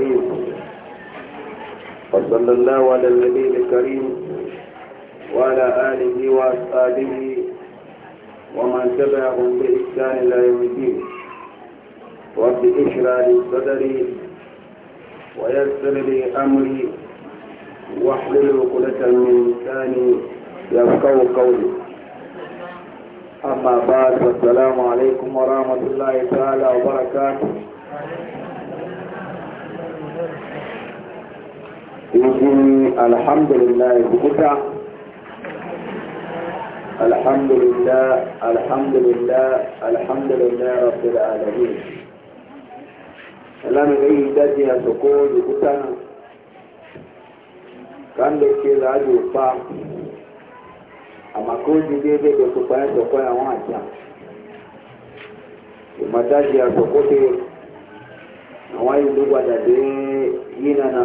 الرحيم وصلى الله على النبي الكريم وعلى آله وأصحابه ومن تبعهم بإحسان لا يمكن الدين رب اشرح لي صدري ويسر لي أمري واحلل عقدة من لساني يفقه قولي أما بعد والسلام عليكم ورحمة الله تعالى وبركاته يجي الحمد لله بكتا الحمد لله الحمد لله الحمد لله رب العالمين لم يجد يسكون بكتا كان لكي لا يوفى أما كل جديد بكتا يسكون وعجا ìmọ̀dájì àsọ̀kóté àwọn ìlú padà dé yínana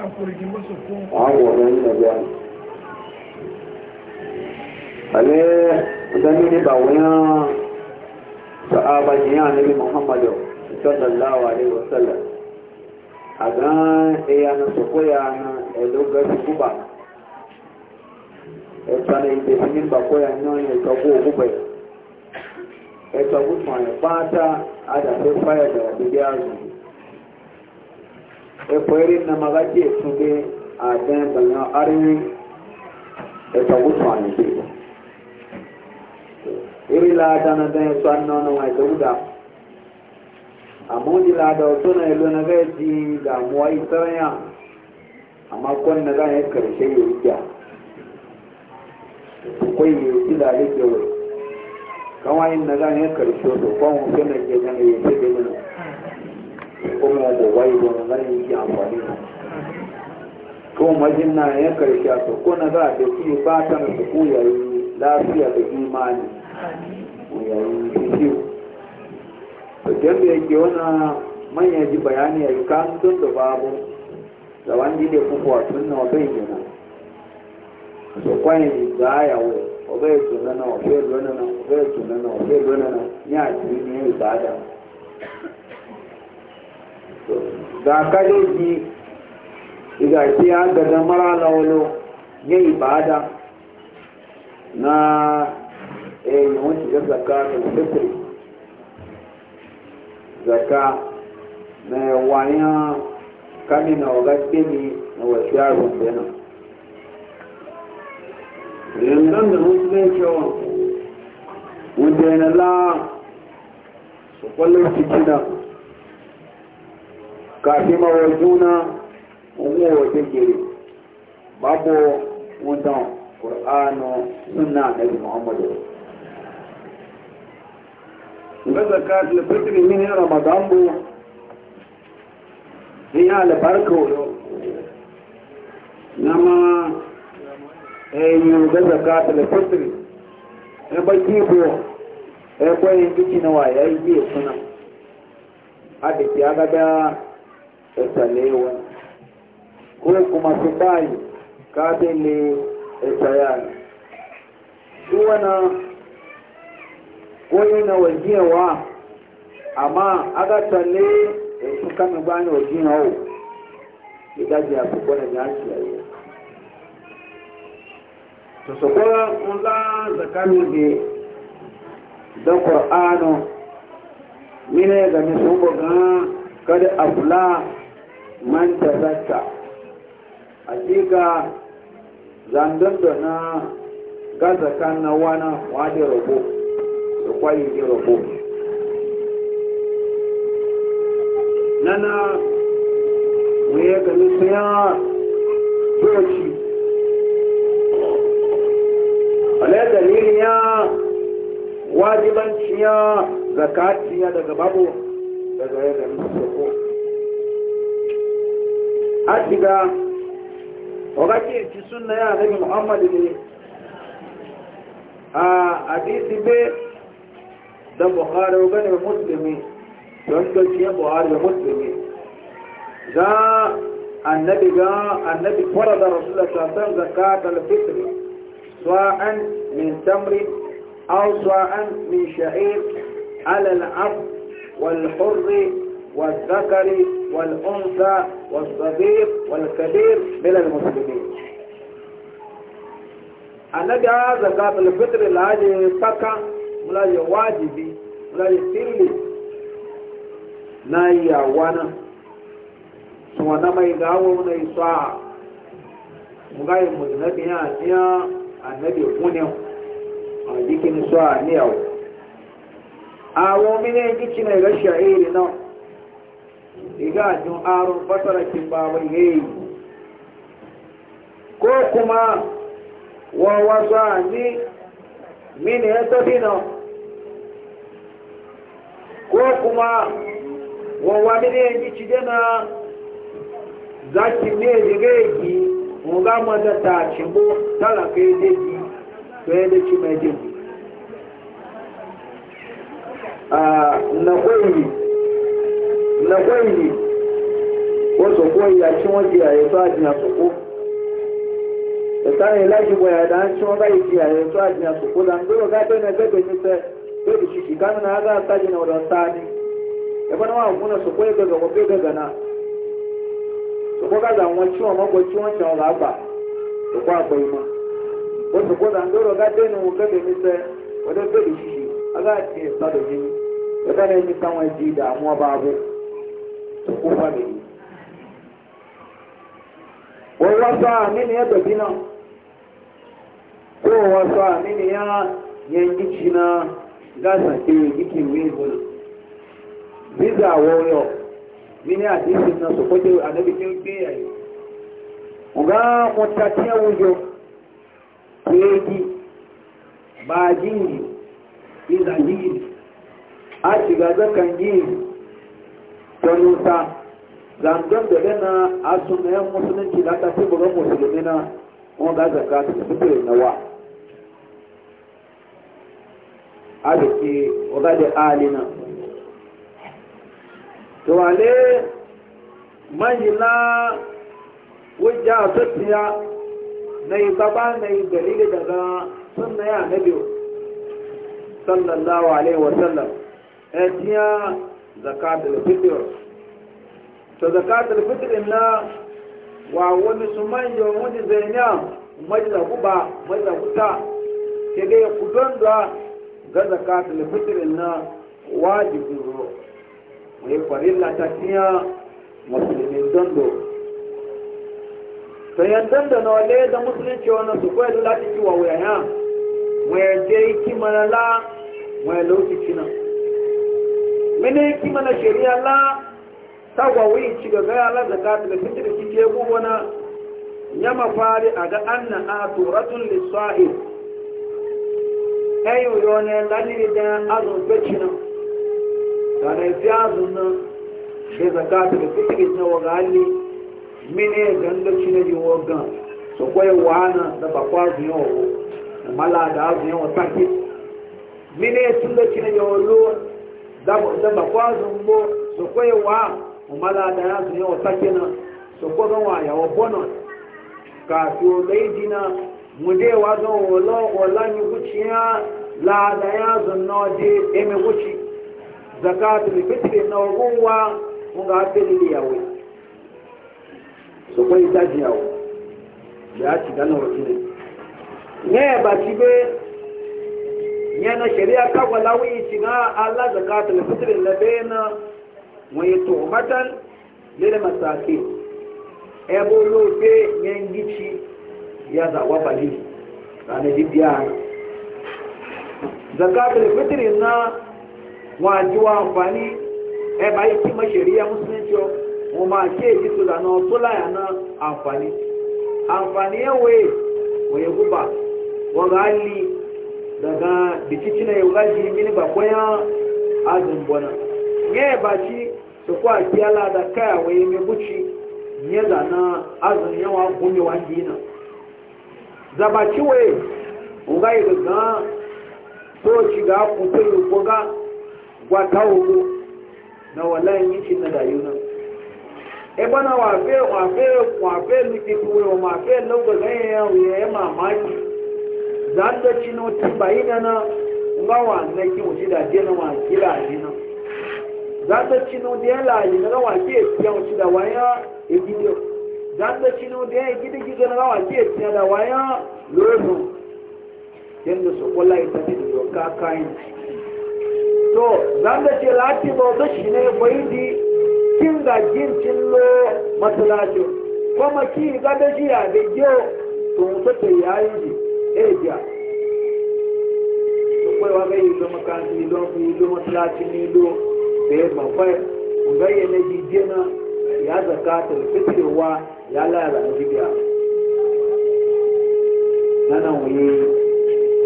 àwòrán nàbí à ale dani ne ba wani sa'aba ne ya nabi muhammadu sallallahu alaihi wasallam a gan eya na sokoya na elogar kuba ẹ̀tọ́ ni ìdè sí ní gbàkóyà náà ní ìtọ́gbó òkúpẹ̀ ẹ̀tọ́gbó tàn ẹ̀ pátá adàfẹ́ fáyà dàgbé bí àrùn ekwere na magaji esude adan bana arin eta gutu anike iri la dana dan so anno no ai duda amudi la da so na elo na gaji ga muai taraya amma kon na ga ya karshe yi ya koi yi ila yake wai kawai na ga ya karshe to kon sai na ga ya ce da ko mu da wai don nan yi amfani ko majin na ya karshe su ko na za ta ci fatan su ku yayi lafiya da imani ku yayi ciwo to jami'a yake wannan manyan ji bayani a yi kan tun da babu da wani da kuka tun na wabai gina so kwanin da za ya wuce ọbẹ̀ ètò nana ọbẹ̀ èlò nana ọbẹ̀ ètò nana ọbẹ̀ èlò nana ní àti ní ìbàdàn ga kaleji iga ce ya gaga mara laolo ya ibada na eh yawanci ga zaka da fitri zaka na wanya kami na waga kemi na wasu yaro kenan yanzu da musulunci wanda yana la su kwallon cikin kafin mawar juna umuwa ta gere babu wutan ƙur'anu suna nabi muhammadu ga zakat lafitri min ramadan bu in ya albarka wuyo eh, e e na ma eyi ga zakat lafitri ya baki tsalewa ko kuma su bayi kafin ne tsayar su wana koyi na wajiyawa amma aka tsale su kama bani wajiyawa idaji a su kwanan ya ciyaye su su kwanan nla zakarin ne da ƙwar'ano mine ga misun bugan kada afla man tazakka hakika zandar da na gaza kan na wana wani rabo da kwayi ne rabo nana mu ya gani tsaya doci wale dalilin ya wajibanci ya zakaci ya daga babu daga ya gani sako أشجع وغاكي في سنة يا نبي محمد لي آه، حديث بي ده بخاري وغني مسلمي ينقل شيء بخاري ومسلمي ذا النبي جاء النبي فرض رسول الله صلى الله عليه وسلم زكاة الفطر سواء من تمر أو سواء من شعير على العبد والحر والذكر والأنثى والصغير والكبير من المسلمين annabi a zaga bilfitir laje faka mulaje wajibi mulaje sirri na iya wani su wanda mai gawo na isa mugaye muznabi ya niya annabi kunin a jikin su a niyawo a womine gici na ga sha'iri nan iga jin arun fasarakin babai yayi ko kuma wa wasa ni mini ya tafi nan ko kuma wa ne yanki cide na zaki ne jiga yaki nga mata ta cimbo talaka ya jeji to ya dace mai jeji na kwayi na kwayi wasu kwayi a cin wajen a yasu ajina suku da ta yi laji waya da an cin wajen a yasu ajina suku da an zuru ga ta na zaɓe nisa zai da shi kanu na za a sa jina wadda sani ya bana wa kuna su kwayi daga wabe ciwon ciwon ga ba su kwa ma ta hukuma ne wọ́n wá sọ àmìnì ẹ̀ bẹ̀bí náà kó wọ́n wá sọ àmìnì yá yẹn yíkì náà gáàsà kí wọ́n yíkì wí ìbọn visa wọ́ọ̀yọ̀ mí ní àdísì náà sọ̀kọ́jẹ́ àdébí tí ó gbé ẹ̀yìn ọ̀gá mo ta tí ẹ̀ wùjọ kéèkì bàájì yìí ìzàjì yìí àtìgbàgbẹ́ kan yìí don wuta zangon da yana asunayen musulunci da aka fi bugan musulmi na wanda ga zaka ta fito o adiki waga da alina to wale manjila wujja sottiya na yi gaba na yi dalili daga sunna ya sallallahu alaihi wasallam etiya eh, zakatul fitr to zakatul fitr na wa wani su manjo wani zaina majda guba majda guta ke ga ku don da ga zakatul fitr na wajibi ro mai farilla ta tiya musulmin dondo to yandan da na wale da musulunci wani su kwaya da lati ciwa wuya ya je hikimar la wai lokaci nan mene kima na shari'a la tagwawi ci ga gaya la zakat da fitar da kike gubona ya mafari a ga anna aturatun lisa'il ayo yone dalili da azun becina da na fi azun nan shi zakat da ga na wagali mene ganda cina yi wagan so kwaye wana da bakwa zuwa mala da azun yawa takis mene tun da cina yawa lo daba kwa zumbo soko wa umala da ya zuye wa kwa ya zan wa yawa bonon ka fi o laidina mude wa zan wala ni wuciya la da ya zunno de eme wuci zakatul fitri na ruwa mun ga fili yawo soko ita jiyawo ya ci ganin wakilin ne ba ci yana shari'a ka walawi shiga Allah zakatul fitr labena wa yatumatan lil masaki. ebo lope nyengichi ya za wabali kana jibiya zakatul fitr na wajiwa amfani e ba yi ma shari'a musulunci wọn máa ṣe èyí tó lànà tó láyà náà àǹfààní àǹfààní ẹ̀wẹ̀ wọ̀nyẹ̀gúbà wọ̀gá lì daga bikici na yau gaji mini ba kwaya azin bona ne ba ci su kwa kiyala da kaya waye mai buci ne da na azin yawa gumi wa dina zaba ci waye ugayi daga so ci ga kuta yi koga gwata ugu na walayin yikin na dayunan ebana wafe wafe wafe lukitu wa mafe lauga ganyen yawon ya mamaki zanda ci no ti bayi na na ngawa na ki wuce da je na wa ki la ji na zanda ci no de la ji na wa ki e ti wuce da waya e gidiyo zanda ci no de e gidi gidi na wa ki e ti da waya lozo yanda su kula ita ne da doka kayan to zanda ce lati ba wata shi ne bai di kin ga jin cillo matsalacin kuma ki ga da jiya da yau to mutu ta yayi ẹ̀ẹ́dìá ọ̀pọ̀ ìwà bẹ́ẹ̀ ìlú mọ́kántì ìlú ọ̀fún ìlú mọ́tíláàtì ní ìlú bẹ́ẹ̀ gbọ̀npẹ́ ọ̀gáyẹ̀ méjì díẹ̀ ya ìyá zaka tẹ̀lé pété wá ìyá láyàrá ní bíbíà nánà wòye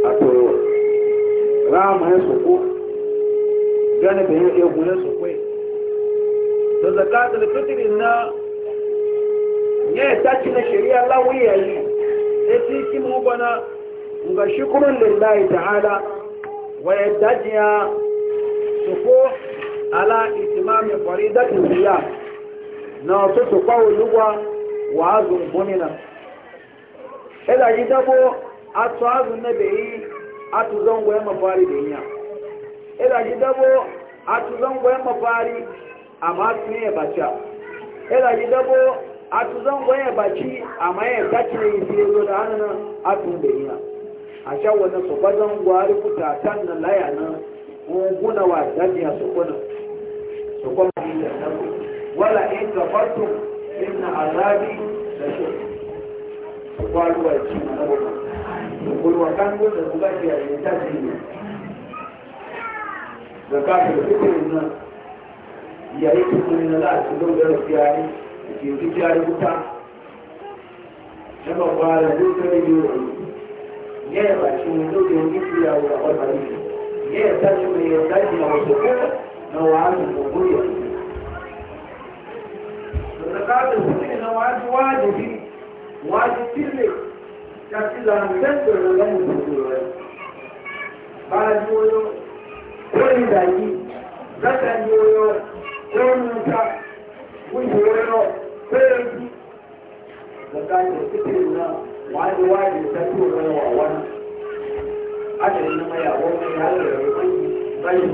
àtọ̀rọ̀ ya soko sọ̀kú gánibẹ̀yẹ ya ẹ̀ sọ̀kú soko da zakatul fitri na ya tashi na shari'a sai bana ga shukurun lillahi ta'ala wa yaddajiya su ko ala itimamin faridatin biya na wasu su kawo lugwa wa azun gomina. ila yi dabo a tu azun na bai ya tu zangoye mafari da yiya ila yi dabo a tu zangoye mafari a masu ne bacha ila yi dabo a tu zangoye baci a maye kacin yi fiye zo da hannun a da yiya acha sha wani su bazan gwari kuta tan na laya na gunguna wa dabiya su kuna su kuma yi da nabu wala in gabatun inna azabi da shi su kwaruwa ci na nabu kulwa kan gudu da buga ke yi ta ci ne da kafin fikirin nan yayi tukunin na la'asu don da rafiya ne da ke fi jari wuta na babbara duk da yi Neva čini ljudi umislija u organizmu. Nije tačno je tačno osoba na oazu moguja. Zakate sine na oazu wajibi, oazu sile, kad si lancentu na lemu suduruje. Bađuju, koji daji, zatanjuju, konuta, ujujo, koji Zakate sine na oazu wọ́n a a lè lọ́wọ́ tó ní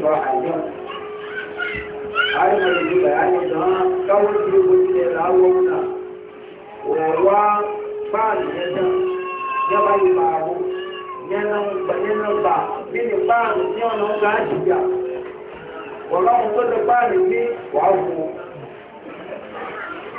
wàá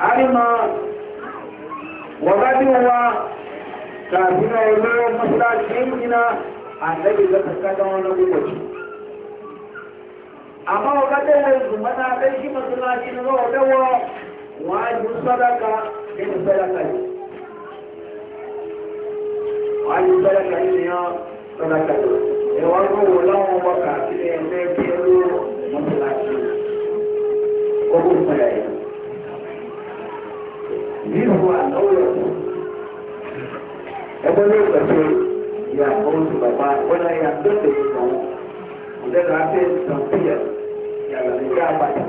arima wagadiwa kafin a yanzu masallacin gina annabi zaka kada wani lokaci amma wagadiwa yanzu mana kai shi masallacin na wadawa wajin sadaka ɗin sadaka ne wajin sadaka ne ya sadaka ne wọ́n kó wò láwọn ọmọ Yiwa n'ụlọ ebe ndị ọkpọchị ya otu baba wala ya ndote ya ndị na-apị sampiya ya na nke agbata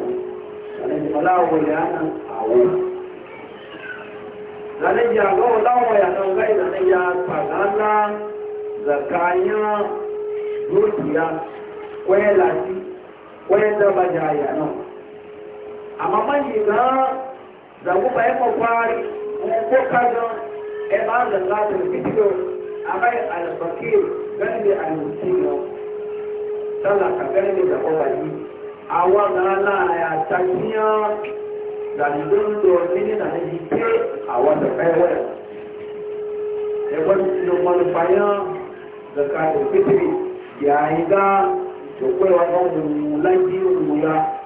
na ndị ọla ọwụ ya na awụ. Na ndị ya ọwụ ya na ya na ya ya na zangu ba ya mawari ko kazo e ba da lati bidiyo abai al-fakir gani da al-musiro talaka gani da kowani awa na la ya takiya da ndon do mini na ni ke awa da kai waya e wani cikin wani bayan da ka da fitri yayin da da kwaiwa wani mulaji mula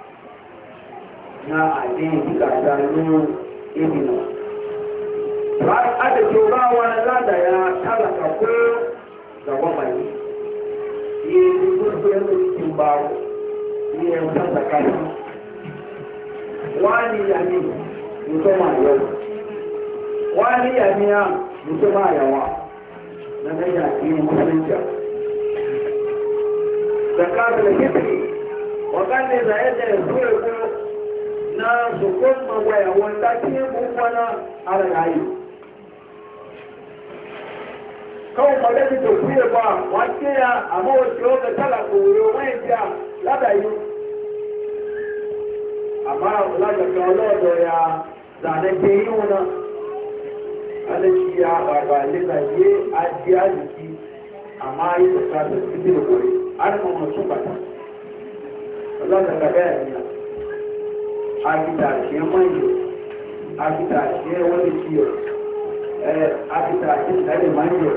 na addini da gano ibina har aka ce ba wani lada ya talaka ko gaba mai yi yi kurkuyar da cikin baro yi ya wutar da kasu wani yami mutuma yau wani yamiya mutuma yawa na na yaki musulunci da kasu da kitri wakanne na yadda ya zuwa na zukon mawaya wanda ke mummana a ragayi kawai magani da kuye ba wace ya amma wace wanda tala koro wani biya ladayi amma lagaka lodo ya zane ke yi wuna alashi ya baba lina ye ajiya jiki amma yi da sa su fi da kore an mamma su bata lagaka bayan ya agitashe manjo agitashe wani ciyo agitashe tare manjo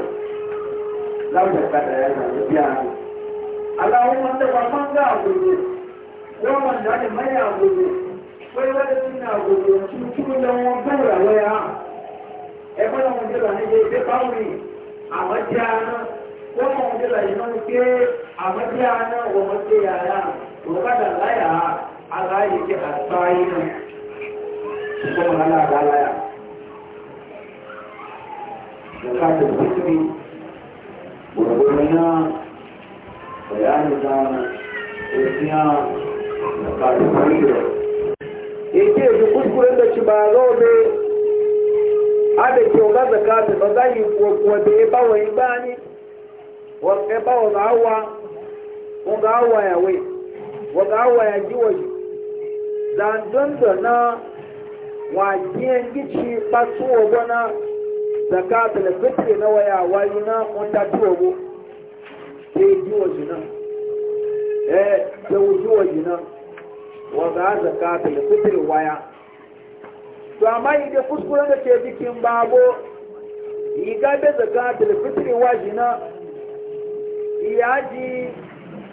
lauda kada ya zaɓi biya ne alawun wanda ba man ga agogo ko wanda ne mai agogo kai wani cin agogo cikin don wọn bura waya ẹgbẹ́ wọn jẹ́la ní ilé ìgbé báwí àmọ́jẹ́ aná ko wọn jẹ́la ìnáwó pé àmọ́jẹ́ aná wọ́n mọ́jẹ́ yàrá òun bá dà láyà á ala yake a tsayin kuma ana da da da fitri yi kuskuren da ci ba zaune ada kyau ga zakata ba za yi kuwa da ya bawa yi bani wa ya bawa ga hawa ga awa ya wai wa ya ji waje zandondo na wajen gici ɓasu ogo na zaka talafitri na waya wayo na wanda tuwogo ke ji waje na eh da wuji waje na waga zaka talafitri waya to amma idan kuskuren da ke jikin babo yi gabe zaka talafitri waje na iyaji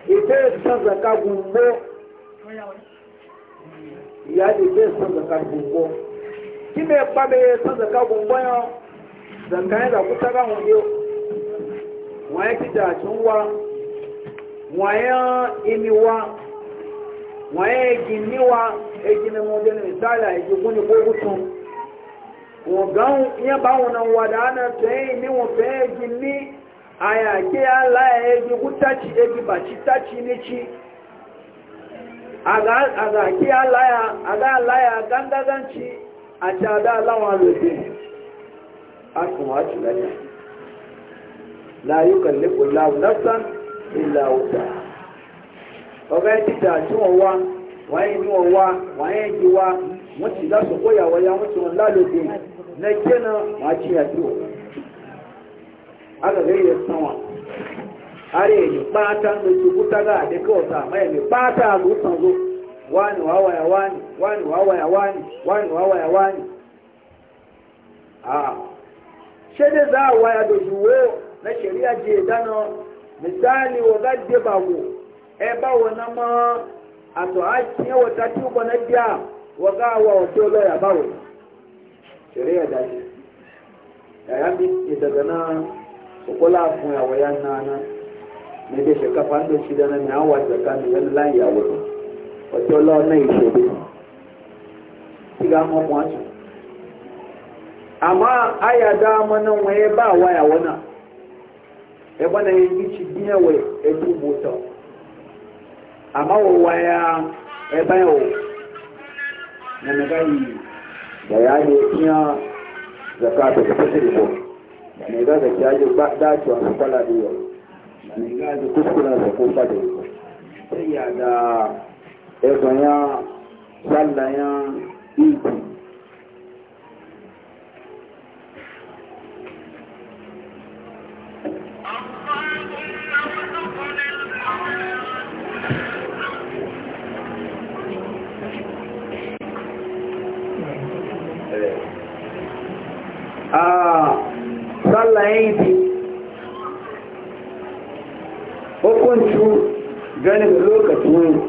ita ya san zaka gumbo ya ne zai san zakar gungo ki mai kwabe ya san zakar gungo yau zankan ya zaku ta gan hunyo wọ́n ti dàtún wa wọ́n yán imi wa wọ́n yán egi ní wa egi ni mo dẹnu ìsáàlà ìjogún ní gbogbo tún wọ́n gan yẹn bá wọn náà wà dáná fẹ́ẹ́ ní wọn fẹ́ẹ́ egi ní àyàkí àlá egi kú táchi egi bàtí táchi ní chi a ga ki alaya a ga alaya gangaganci a ci a da lawan rufe a la yi kallifin lawu nasan illa wuta ọgá ẹ títà tí wọn wá wọn yẹn ní wọn wá wọn yẹn jí wá wọn ti dá sọ kóyà are ni pata mtu kutaga de kosa mae ni pata agusanzo wani wawa ya wani wani wawa ya wani wani wawa ya wani ah shede za ya do juwo na sheria je dano misali wagaje bawo e bawo na ma ato achi ya watati ubo na dia wagawa otolo ya bawo sheria daji ya yambi itagana e ukola fun ya wayana na ní ilé ìṣe káfá ń lè a dáná ní àwọn àjọká ní ẹni láì rẹ ọjọ́ lọ́nà ìṣòro tí ká mọ́ wọn sùn. àmọ́ àyàdá ọmọ náà wọ́n ẹ bá àwọn ìyàwó náà ẹgbọ́n náà yẹn bí ti dín ẹ̀wẹ̀ tọ̀ àmọ́ wọ́n wá ya ẹbá ẹ̀wọ̀ na yìí gbàyà yẹ kí wọ́n zaka lè bọ̀ yẹ gbá ne ga da kuskura da ko fada sai ya da ɗaya ya sallaya iko Ah, sallayin yawancin ganin lokacin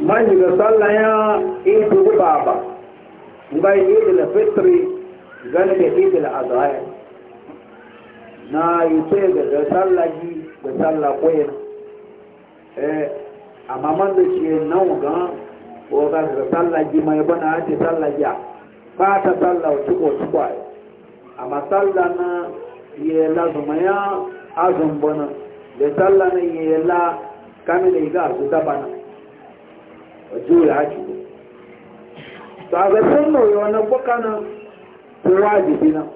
manjiga sallah ya idu baba bai idu da fitri ganin da idu da azahar na yi ce da da sallah ji da sallah kwayan eh amma man da ce nan ga ko ga da sallah ji mai bana ake sallah ya ba ta sallah wacce ko su kwaye amma sallah na yi lazumaya azumbanan da sallah nan ya yalla kame da iga su ta bana a juya haki to a ga sunna ya wannan buka nan ko wajibi nan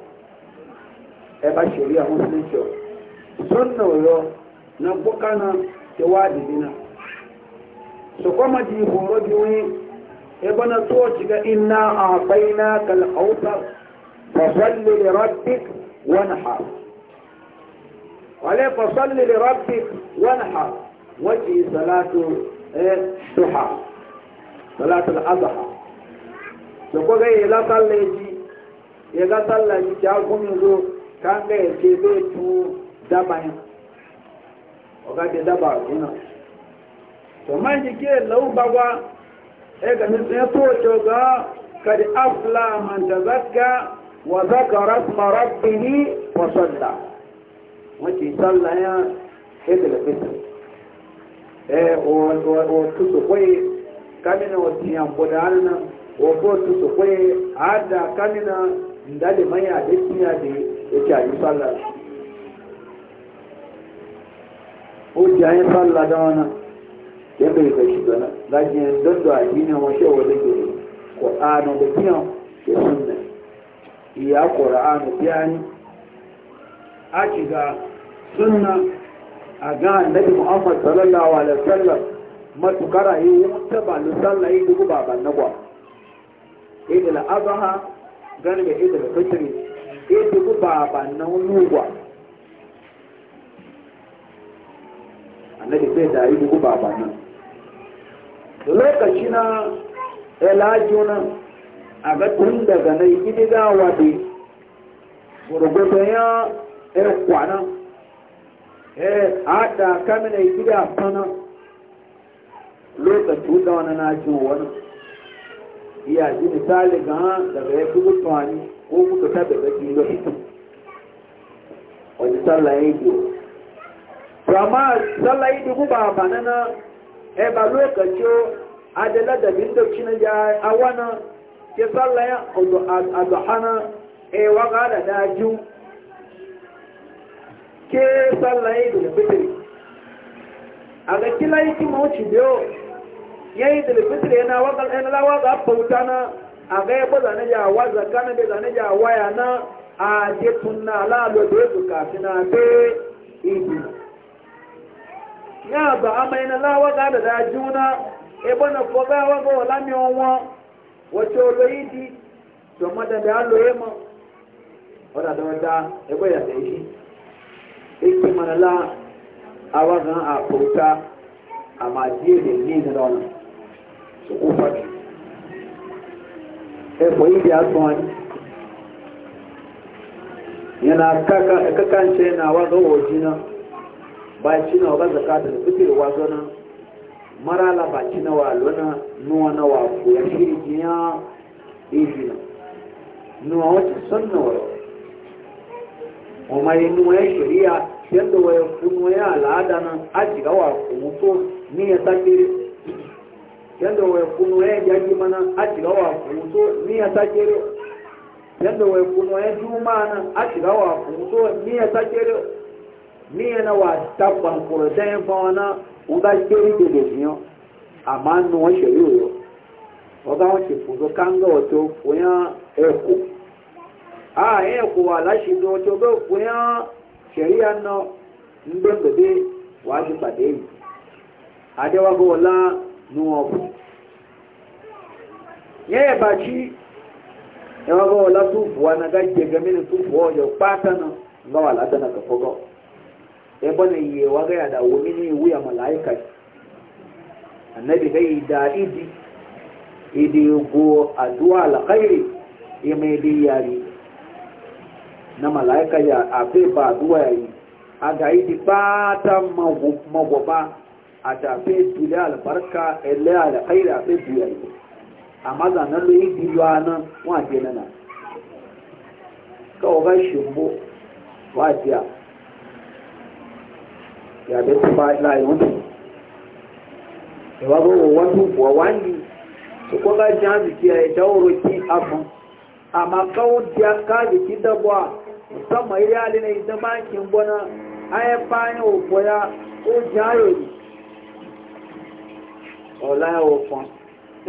e ba shari'a musulunci sunna ya na buka nan ke wajibi nan su kuma ji horo biyu e bana to shiga inna a baina kal autar fa salli li wale fasalli li rabbik wanhar waji salatu duha salatu al-adha to ko gai la sallaji ya ga sallaji ta gumi zo kan ga yake zai tu dabayin o ga da daba kuna to man jike lau bagwa e ga min sai to ga kad afla man tazakka wa zakara rabbihi wa sallama wace sallah ya hedda fitr eh o o tu so kwe kamina wati ya mboda alna o ko tu so kwe ada kamina ndale maya de tiya de yake ayi sallah o ti ayi sallah da wana yadda ya kashi gana lajiyar don da addinin wasu yawon da ke ƙwa'anu da kiyan da sunna iya ƙura'anu biyani a ga sunna a ga annabi muhammad sallallahu alaihi sallar matukara yi mutu ba nusalla yi duk ba ban da idil azaha gani ga idil fitri yi duk ba ban nagwa annabi sai da yi duk ba ban nan lokaci na elajuna a ga tun daga nan gidigawa dai gurgurdan ya e kwana e eh, ada kamina gida sana lokacin da wani na jin wani iya ji misali ga daga ya fi mutuwani ko kuka ta daga jino hito wani sallah ya yi amma sallah yi dubu ba banana e eh, ba lokacin adala da bindoci na ya awana ke sallah ya aduhana e eh, waga da dajin ke sallah idul fitri aga kila e yi kima wuce biyo ya yi idul fitri yana waga ɗan lawa ga bauta na aga ga ya baza na jawa zaka na baza na jawa ya na a je tunna lalo da yasu kafi na be ibi ya ba ama na lawa ga da da juna ebe na koga waga wala mi onwa wace oloidi to madada alo ema wadda da wadda ebe ya da shi ike mana la a wajen a kuta a majiyar da ne da rana su kufa ne e koyi da ya tsohon yana kakance na wajen wajina ba ci na wajen zakatar fitar mara la ba ci na walwana nuwa na wa koyar shirgin ya ejina nuwa wacce son na wajen ọmọ inú ẹ ṣòríyà ṣẹ́tọ̀ ẹ fúnú ẹ àlàádáná àjìgáwà òun tó ní ẹta kéré ṣẹ́tọ̀ ẹ fúnú ẹ jágímọ́ná àjìgáwà òun tó ní ẹta kéré ṣẹ́tọ̀ ẹ fúnú ẹ júmọ́ná àjìgáwà òun tó ní ẹta kéré ní ẹna wà nkùrọ̀ sẹ́yìn kéré dèdè fìyàn àmà nù wọn ọ̀tọ̀ ẹ̀kọ́ àárín ẹ̀kọ́ wà láṣìlú ọjọ́ bẹ́ẹ̀ fún yán ṣẹ̀rí àná ń gbẹ̀gbẹ̀dẹ̀ wà á ti pàdé yìí adéwàgbọ́ ọlá nu ọ̀bù chi ẹ̀ ga ṣí ẹwàgbọ́ ọlá tó fò wá nàgá jẹ gẹ́mínú tó fò ọjọ́ pátá náà wà kọ̀kọ́kọ́ na iye wága yàda mi ní ìwé àmàláìka ànábì yìí dá na mala'ika ya afe ba duwa yayi a ga yi di fata magwaba a tafe tuli albarka ele alkhairi afe duya yi amma zanen lo yi biyuwa nan waje nana kawo shimbo wajiya ya bai tuba layi wani ìwà gbogbo wọ́n tún bọ̀ wá ní ṣùkọ́ bá jẹ́ àjùkí ẹ̀ ìdáwòrò kí a fún àmàkáwò musamman iri na ita bankin bona aya fani oboya o jaro yi ọlá ọfọn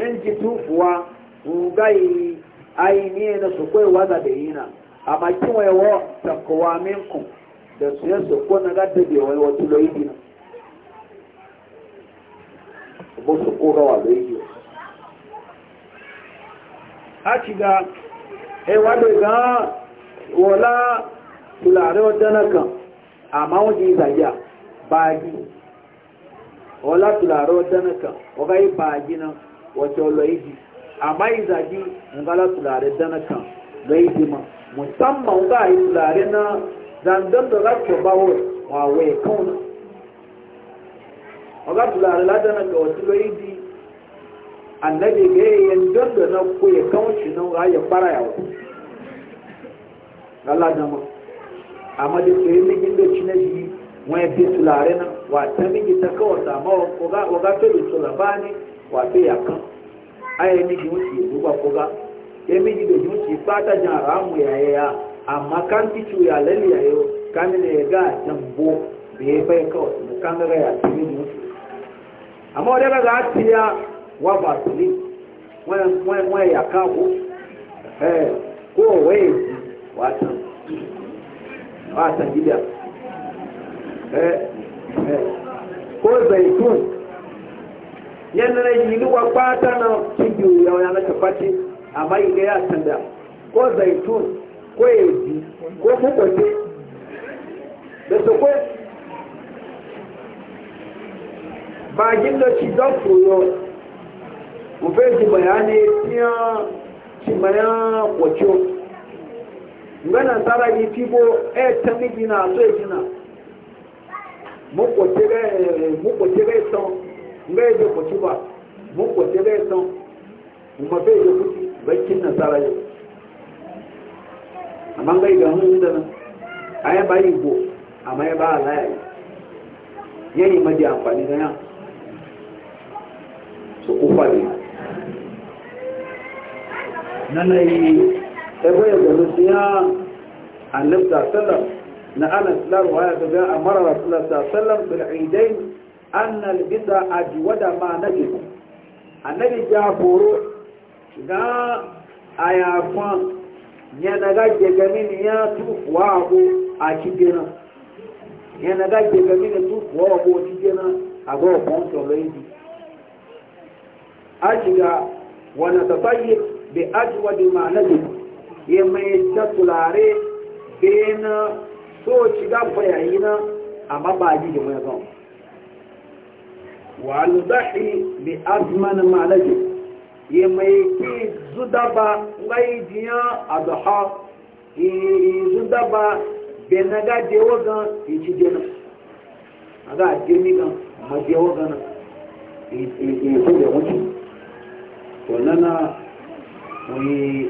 ẹnjì túfùwa nga yìí ayi ní ẹni sọkọ ìwà na àmà kí wọn ẹwọ sàkọwà mẹkùn dẹsùn yẹn sọkọ náà gàdébì ẹwọ ẹwọ tó lọ yìí a wala tulare ọ dana kan amma wajen yi zagiya bagi wala tulare ọ dana kan waga yi bagi nan wace wala yi ji ma yi zagi ngala tulare dana kan lọ yi ma musamman ga yi tulare na zandan da za ọ ba wa waye kauna waga tulare la kan wasu ga yi ji annabi galadama amma da tsaye migin da na ji wani fi tulare na wata ta ma waga to wato ya kan aya migi wuce ya migi da wuce fata jan ramu ya ya amma kan fitu ya lalle ya ya ga jambo da ya bai kawai ya amma ya wa wàásàn wàásàn gíga ẹ ẹ kó zaitun yẹn nana yi ni wa kpaata na kibi o yà wọn ka pati àmà yi ka yà sanda kó zaitun kó èdì kó kókòtè bẹsẹ kó baaji lọ si dọ́kítù yọ òfé ti bàyà ni tiẹ́ ti bàyà kọ̀tí o nga nasara yi ti bo ɛ tɛmi gyina aso gyina mo kɔ tɛgɛ ɛɛ mo kɔ tɛgɛ sɔn nga yɛ de kɔtu ba mo kɔ tɛgɛ ama nga yi ga ho ndana ayɛ ba yi ama yɛ ala yɛ yɛ yi ma di amfani na ya so kofa de nana ebe ya gano shi ya annabi sallam na ana silar waya ta ga amara rasulullah sallam bil idain an al bid'a ajwada ma nabi annabi ya foro ga ayafa ya daga gegamin ya tufuwa abu a kibina ya daga gegamin ya tufuwa abu a kibina a ga wakon tsoron a shiga wani tafayi bi ajwada ma nabi ya mai ta tulare ke na so ci gafa yayi na amma ba da wani zan wa bi azman malaji ya ki zudaba ngai jiya adha yi zudaba benaga dewo gan ichi dena aga jirmi gan ma dewo gan e so de wuci to nana oyi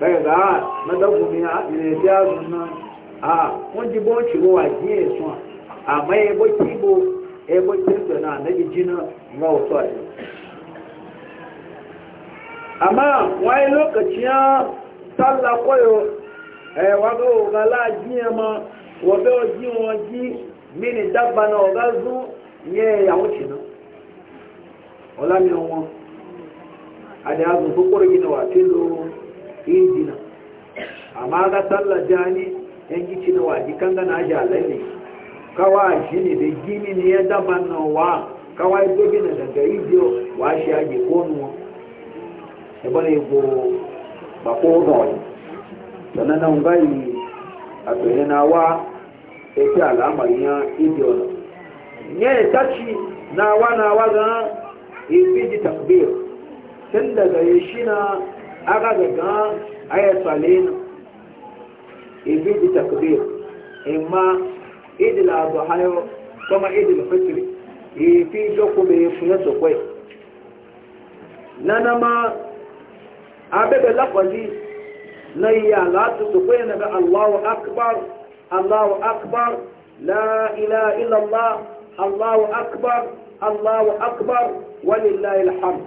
daga ah, ah, a madagumi a ne biya a kun ji bo ci wa jiye sun a mai ebo na na jijina ga a yi amma wani lokaci ya talla koyo eh waga oga la ma wabe oji wọn ji mini dabba oga zu nye yawo ci na ọlá wọn adé gina wà tí lóòrùn ejina amma ga sallar jani yan gici na waji kan gana jalar ne kawai shi ne da gini ne ya dama na wa kawai gobe na daga ijiyo wa shi ya ke konuwa ya bane ko ba ko rawai sannan nan bai a na wa ya ce al'amarin ya ijiyo na ne tashi na wa na wa ga ibi ji takbir tun daga yi shi na aga ga gan aya salina ibi bi takbir imma idil adha yo kama idil fitri ifi doko be funya to kwai nana ma abebe lafazi na iya latu to kwai na ga allahu akbar allahu akbar la ila illa allah allahu akbar allahu akbar walillahi alhamd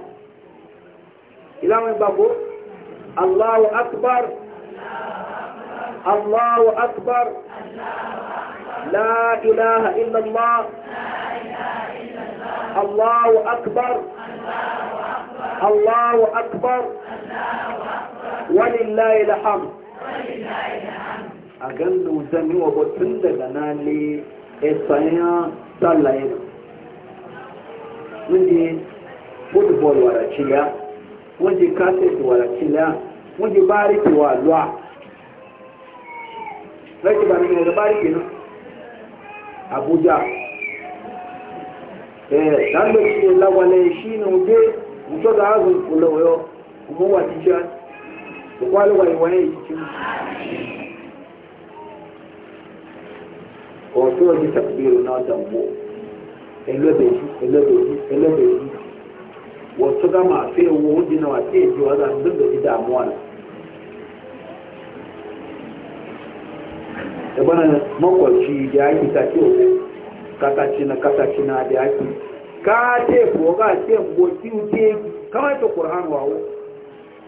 ila wen الله أكبر الله أكبر لا إله إلا الله الله أكبر الله أكبر ولله الحمد a gan nuzan yi wa tun daga na ne a sanya tsallayen wunde football warachiya wọ́n jẹ kásẹ̀tì wà lákìlá wọ́n jẹ báríkì wà lọ́à lẹ́yìn ìgbà mímu ọ̀dọ̀ báríkì náà Abuja ẹ̀ẹ́ dáńgbé ti láwalẹ̀ ìṣínú dé ìjọba ààrùn ìpolówó ọmọ wà jíjá òkú àlọ́wà ìwà ẹ̀ jíjá ọ̀tún ọdún tàbí ìrònà àdàmú ẹlẹ́bẹ̀ẹ́jì ẹlẹ́bẹ̀ẹ́jì ẹlẹ́bẹ̀ẹ́jì wasu gama sai wo jina wa sai ji wa zan dinga ji damuwa na da bana makwarci da yaki ta ce kakaci na kakaci na da yaki ka ce ko ga ce ko ki ce kamar ta qur'an wawo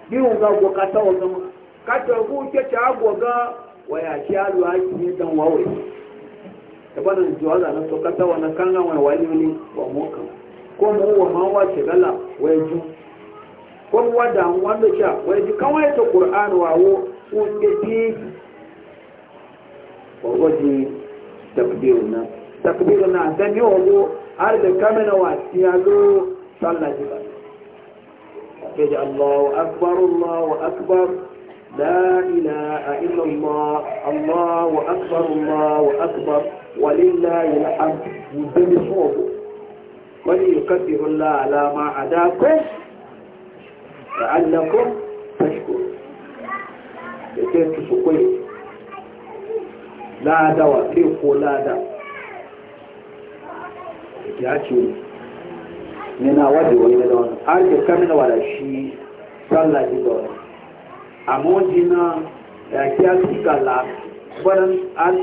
biyu ga ko ka tawo gama ka ta ku ce ta goga waya ci alu haki ne dan wawo da bana ji wa zan to ka tawo na kan ga wani wani wa mu kan ko mu wa man wa ke gala wai ju ko mu wa da wanda cha wai ji kawai ta qur'an wa wo ko ke ti ko waji takbiruna takbiruna dan yo wo har da wa tiya do sallah ji ba ke ji allahu akbar allahu akbar لا إله إلا الله الله أكبر الله أكبر ولله الحمد يدمي صوته wọ́n ní yukabbiru Allah ala ma adakum la'allakum tashkurun ẹ̀jẹ̀ tuntun pé láàdá wà lè kó láàdá ìdí àti nínú àwádìí wọ̀nyí lọ́dọ̀ wọn á jẹ́ kámínà wà láṣí sálà ìlọ àmọ́ dínà ẹ̀jẹ̀ àtìkà là gbọ́dọ̀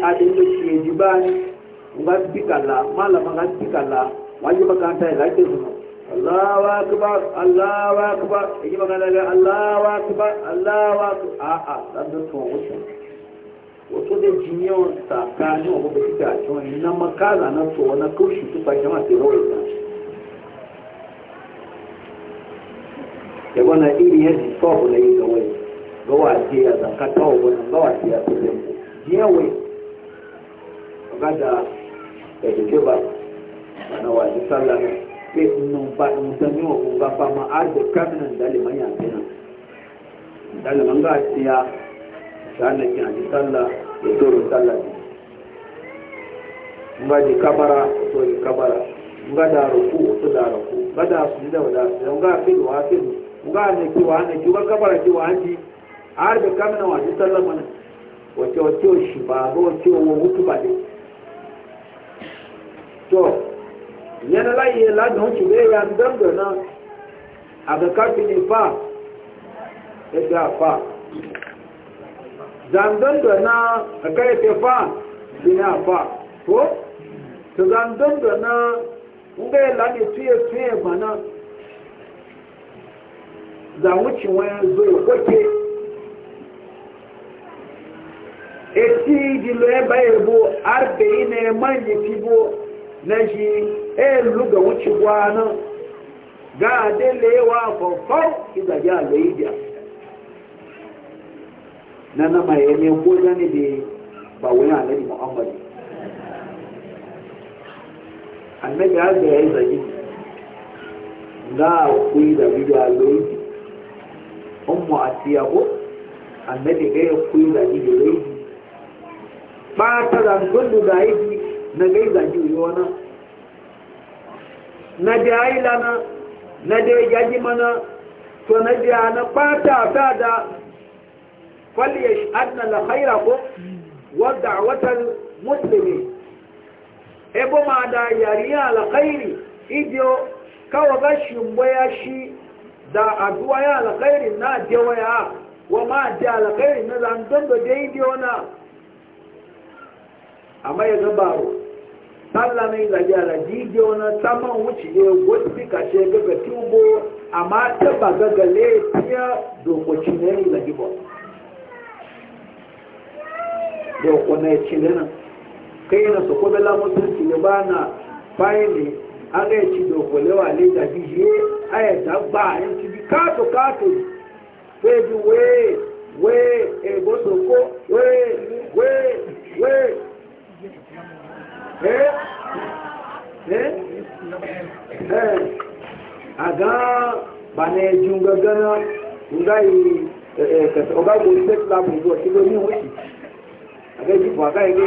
àdéhùn ìṣèjì báyìí wọ́n bá tìkà là má làmá bá tìkà là wajen makaranta ya zaƙe su Allahu akbar Allahu akbar yi magana ga Allahu akbar Allahu akbar a a dan da to wuce wato da jinyo tsakanin wa ba kika cewa na makala na to na kaushi su ba jama'a sai rawai ta ya bana iri ya ji to ne ga wai ga wa ce ya zakata wa bana ga wa ce ya tsaye jiya wai ga da da ke ba anawa ni sallama ke numba mutane wa kunga fama arda kaminan daliman ya fi nan daliman ga tiya sannan ki a ji sallah ya toro sallah ne nga di kabara to di kabara nga da ruku to da ruku nga da su da da su nga fi wa fi nga ne ki wa ne ki wa kabara ki wa ji arda kaminan wa ji sallah mana wace wace shi ba ga wace wa hutu ba dai yana layi ya lada hunci bai ya dangana a ga kafin ne fa ya ga fa zandon da na a kai te fa shi ne a fa ko ta zandon da na nga ya lade tuye tuye mana za wuce wani zo ya kwake eti jilo ya bayan bu arbe ina ya manji fi bu na shi elu eh, ga wuce gwanan ga adelewa fafau iza ya laidiya na na mai yane ko zane da ba wani alari muhammadu annabi har ya yi zagi na kuyi da biyu a laidiya ọmọ àti àbó annabi ga ya kuyi da biyu laidiya ba ta zangon da ya na ga izaji uyona na da ailana na da yaji mana to na da na fata ta da falyashadna la khaira ko wa da'watal muslimin ebo ma da yariya la khairi idio kawa ga shimboya shi da aduwa ya la khairi na dewa ya wa ma da la khairi na zan dondo dai idio ya gabaro sallah mai a rajije saman wuce ne wasu tubo ba ne da kai na su kuma lamusun cile na fayili an ga ci dokolewa ne a yi a kato kato sai ji wee wee ebo wee wee wee Aga ga ba na ejun gagana ngayi kasa oga go set lab ngo ti go ni hoki aga ji fa ga ga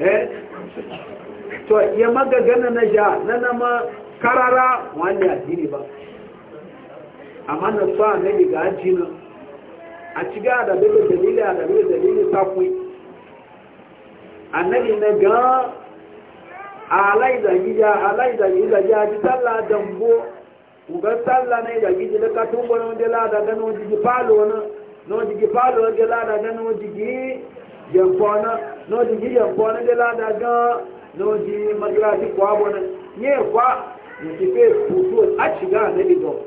eh to ya magagana na ja na na ma karara wani addini ba amma na sa ne ga ajina Atiga ci ga da bai dalili a da bai dalili sakwai annabi na ga alai da gija alai da gija ya ji sallah dambo uga sallah ne da gija da katun gwanon da lada da no jigi falo na no jigi falo da lada da no jigi yankona no jigi yankona da lada ga no ji magrati kwa bona ne kwa ni ti fe putu a ci ga annabi go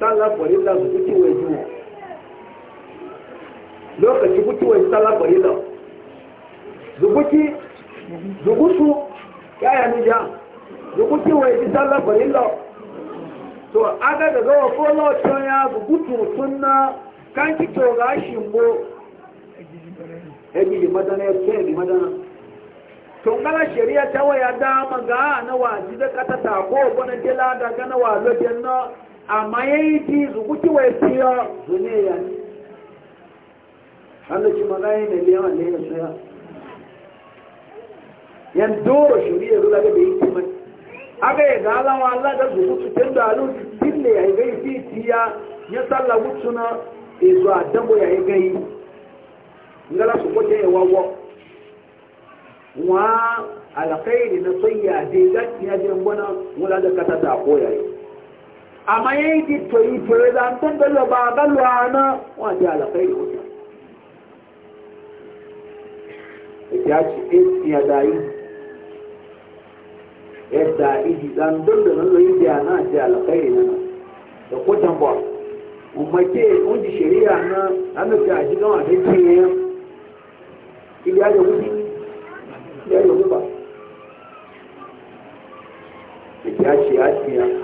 sallah farilla su kuke wai juma lokaci kuke wai sallah farilla zubuki zubusu kaya ni ja zubuki wai ji sallah farilla to aga da gawa ko lokacin ya zubutu sunna kan ki to gashin bo ebi madana ya ce madana tongala shari'a ta waya dama ga na waji da kata ta ko gwanan jela da na wa lokacin na amma ya yi wa fiya zune ya ne halarci magayi da liyan da ya tsaya yan doro shiri ya zula da yi kimai aka yi galawa Allah da zukuki tun da alu tille ya yi gai fi tiya ya tsalla wutsuna ezu a dabo ya yi gai ngala su kwace ya wawo wa alkhairi na tsayi a dai gaskiya jirgin wani wula da kata ta koyaye amma ya yi ji toyi toyi zantar da laba galwa na wani alaƙai da wuta ya ci esi ya dayi ya dayi ji zantar da nan zai biya na ji alaƙai na da kutan ba umarke wani shari'a na hannu ta ji gama da ke yayan iya da wuti iya da wuta ya ci ya ci ya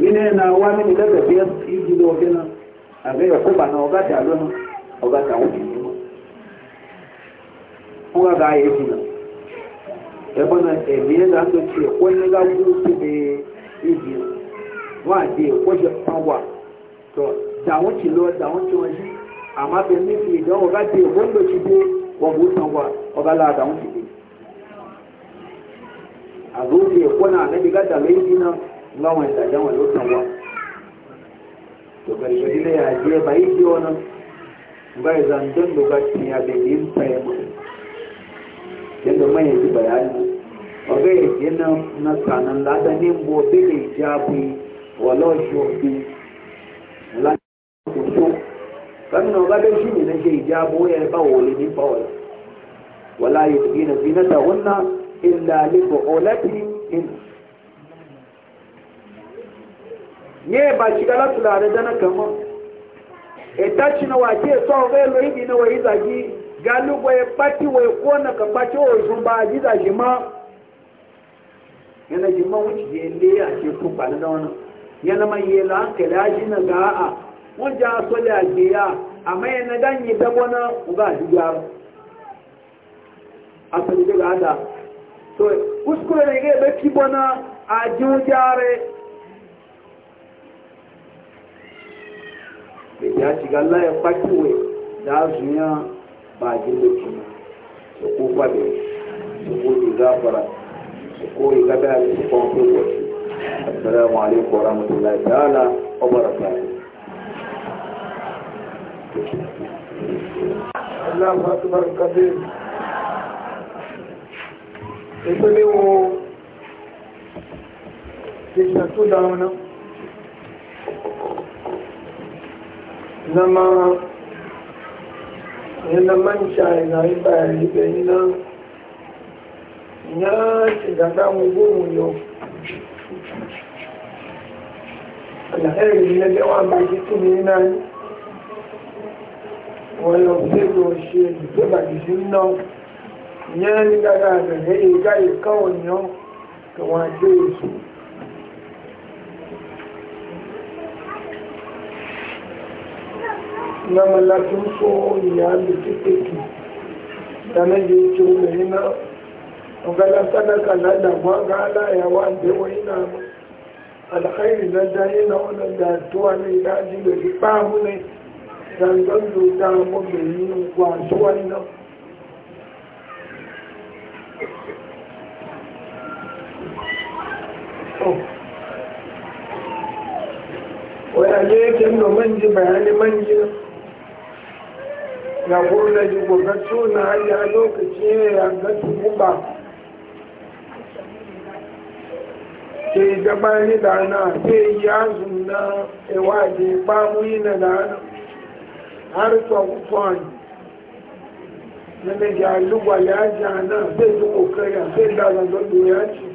yine na wani ni daga biyar iji da wafi nan a ga ya kuba na ogata lona ogata wuce ne kuma ga ya ji nan ebe na emiye da ando ce kwanye ga gusu da iji wa de kwaje pawa to da wuce lo da wuce wani amma bai nufi idan ogata ya wanda ci de wa gusan wa ogala da wuce a zuwa kwana na diga da láwọn ìtajà wọn ló kàn wá to gargadi na yaje ba yi ke wani bai zanton lokacin ya bai yin fahimta yadda mai yanzu bayani ọgá yake na nasanin ladanin bobe da ijabi walau shobi ladanin kusur kan na ọgá bai shi nye ba shiga la tulare dana kama eta china wa ke e so velo hivi na waiza gi galu kwa e pati wa kuona ka pati o zumba ji da jima yana jima wuci je le yana mai yela an na ga a mun ja so da ge ya amma yana ganyi da bona ya asali da da so kuskure ne ga kibona a ya shiga laye fakiwe da zuya ba giloki su ko kwabe su ko yi gafara su ko yi gaba da su kwan kwakwaci assalamu alaikum wa rahmatullahi ta'ala wa barakatuh Allahu akbar kabir ìpínlẹ̀ wo ti ṣàtúndà ọ̀nà nama yana manca yana yi bayani da yana ya shiga damu goma yau alheri na yawa baki tuni na yi wọ́n fẹ́ lọ ṣe ìgbébàjì sí ná yẹn ní dáadáa àgbẹ̀rẹ̀ ìgbáyé káwọn èèyàn kí wọ́n á gbé na malakin so ya likitaki da na yi ce wuri na ogala sadaka na damuwa ga alayawa da wai na alkhairi na dayi na wani da tuwa ne da ji da ji bahu ne zangon zuta mabini wasu wannan wani ajiye yake nuna manji bayani manji da gona yi gobe na hanyar lokaci ya ga su guba ke gabani da na ke yi azu na ewaje babu yi na da hana har tsawutuwan na da jalugwa ya ji hana zai ji kokari a sai da zanzan ya ci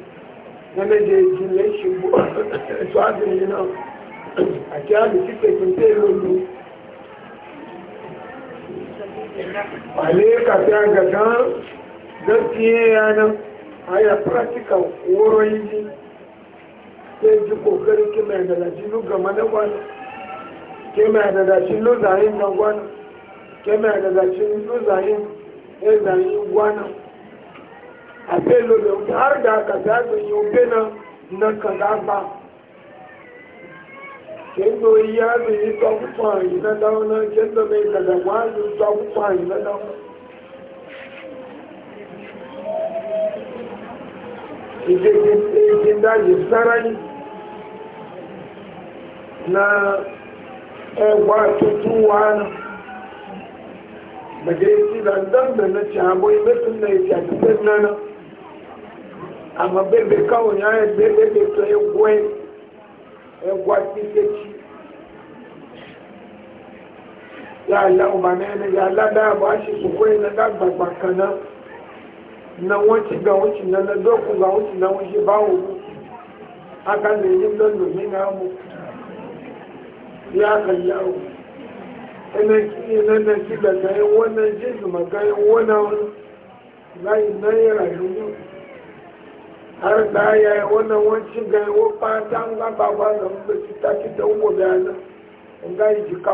na da jajin ya shigo e su adin yi na a kyalu cikin sai lullu aleka ta ga gan gaskiya yanan a ya practical wurin yi sai ji kokari ki mai da da shinu gama na gwani ke mai da da shinu zayin na gwani ke mai da da shinu zayin ya zayin gwani a sai lobe har da aka zaɓin yi na kan gaba kendo ya da yi ta kufa yi na dauna kendo daga wani ta na dauna ikin daji sarari na ẹgbà wa na daga isi da dan da na ci abu ibe tun da isi a bebe kawai ya yi bebe ya ẹgbọ́ títẹ́tì yàrá ọmọ mẹ́rin yàrá dáàbọ̀ àṣìkò kó iná dàgbàgbà kan náà na wọ́n ti gbà wọ́n ti na na dọ́kùn gbà wọ́n ti na wọ́n ṣe báwo mú aka lè yí lọ́nà mí náà mú yá kan yá o ẹnà iná na ti gbàgbà ẹwọ́ na jésù màkà ẹwọ́ na wọn láì náírà har da ya yi wannan ga yi wofa ta an gaba ba na mbaci ta ci da umu da yana in ga yi jika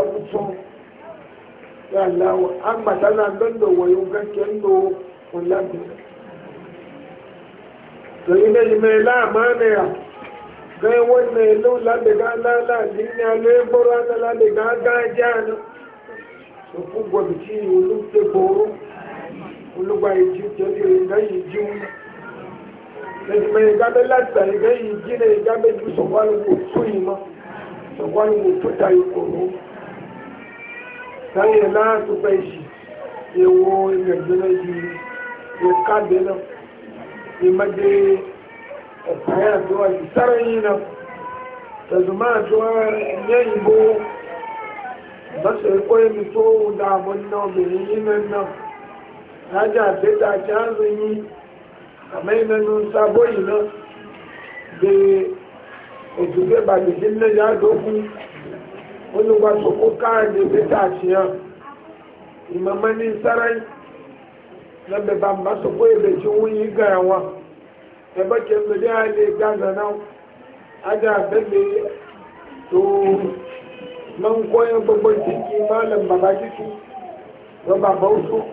ya lawa an mata na don da wayo ga wannan da to yi ne mai ya ga yi wannan ya lau la daga lala jinya boro na su ku gwabici yi wulu ke boro wulu ba yi ji ga yi ji mai gabe latsari ga yi gina ya gabe ju sọkwani ko tu yi ma sọkwani ko tu ta yi koro sanni la tu bɛ zi ewo ɛgbɛgbɛlɛ yi o ka de na ìmàdé ɛfaya tó a yi sara yi na tẹsùmá tó a nyɛ yibo bàtà ekó yi tó dààbò nínú obìnrin yìí náà lájà àti tàjà ń àmẹ́mẹ́nu sábó ìná gbé òtúgbé bàgbègbè lẹ́yà àdókún olùwàsókó káàdì pété àṣìyàn ìmọ̀mọ́ ní sáráì lọ́bẹ̀ bàbá sọ́kó èbè tí wọ́n yí gàrà wọn ẹ̀bọ́ kẹfẹ́lẹ́ àlè gánà náà ajá àfẹ́lẹ́ tó máa ń kọ́ yẹn gbogbo ìdíkì máa lọ bàbá títí lọ bàbá ó sókó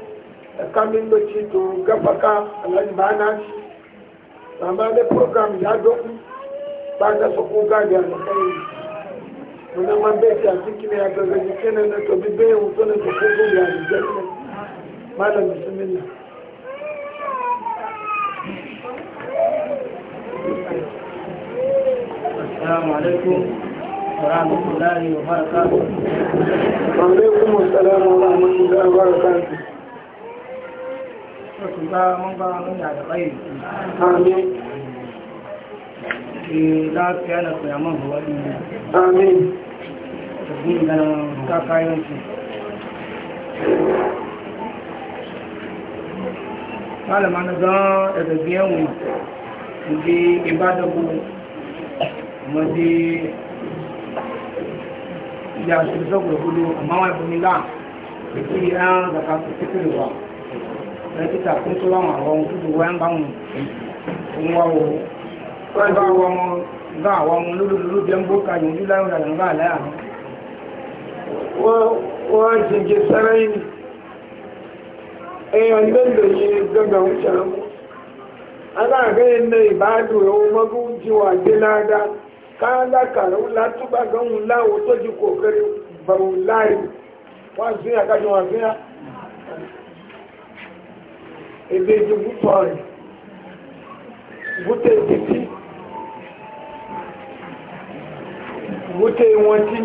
tsakanin lokaci to gafaka alhaji ba na ci amma da program ya doku ba ta su kuka da ya kai muna man bai ta ciki ne a gargaji kenan na to bi bai wuto na ta kuka ya da jami'a malam bismillah السلام عليكم ورحمة الله وبركاته. وعليكم السلام ورحمة الله وبركاته su ba mun ba mun da da bai amin eh lafiya na koya man huwa din amin da bin da ka kayan shi malama na zan ẹgbẹ̀ bí ẹ̀wọ̀n ìdí dókítà fún tó láwọn àwọn ohun tuntun wá ń bá wọn òun wá wo wọ́n bá wọn bá àwọn ọmọ lólólóló bí ẹn bó ka yòó lílá ìrìn àyàn bá àlẹ́ àwọn. wọ́n jẹjẹ sára yìí èèyàn lẹ́lẹ̀ yìí gbẹ̀gbẹ̀ ń ṣàrọ̀ aláàrẹ ilẹ̀ ìbádùn ẹ̀wọ̀n mọ́gún jí wà dé ládàá káàlákàrà ńlá túbàgán ńlá òótọ́jú kò kéré bàrùn láàrin wọ́n sí àkájọ wọn fíhàn ebeji butọrị bute etiti bute enweti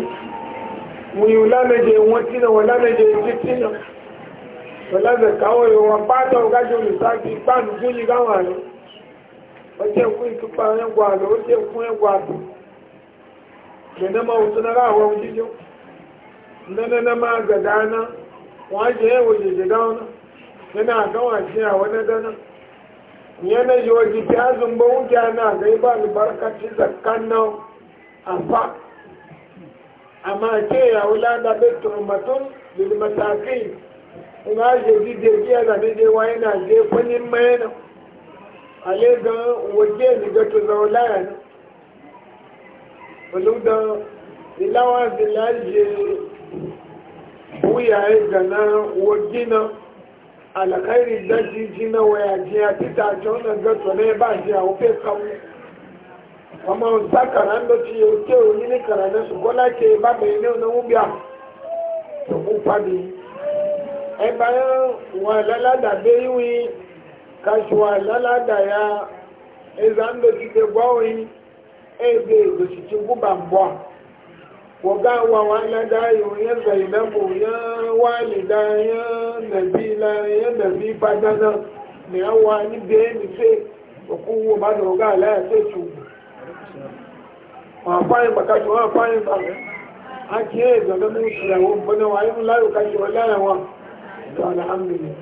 wuyi ulameje enweti na ulameje etiti na ulameje kawo yiwuwa pata ogajo lisaki ikpanu gúnyi gáwọn àná oje nkú ìtúpa ẹgbọ àná oje nkú ẹgbọ àbò nenema wutu na láwọn òjíjó nenema gàdá náà wọ́n á jẹ́ òjèjì dáwọn suna gawa shi a wani dana yanayi waje ta zumba wuta na zai ba albarkaci zakkan nan a fa amma ke ya wula da betur matun lilmataki nga je di de biya da ne je waye na je kunin mayana ale ga waje ni ga to zaula ya ne bulu da ilawa zilaje wuya ga na waje na alakairi daji jina waya jiya tita ta wannan gato ne ba jiya wufe kawo wama sa karan da ci yau ke wani ne karan da su kola ke ba bai ne na wubiya to ku fadi ai bayan wa lalada ya ezan da ci ke gwawoyi ebe da ci ci وقاوة وانا دايو يا زينب يا والدا يا نبيلا يا نبي بدنا نعوى نبين سي وقوة ما نوغا لا سيشو وعفاين بكاتو وعفاين بكاتو ake zaga mun shirawo bana waye mun layo kashi wa lalawa to alhamdulillah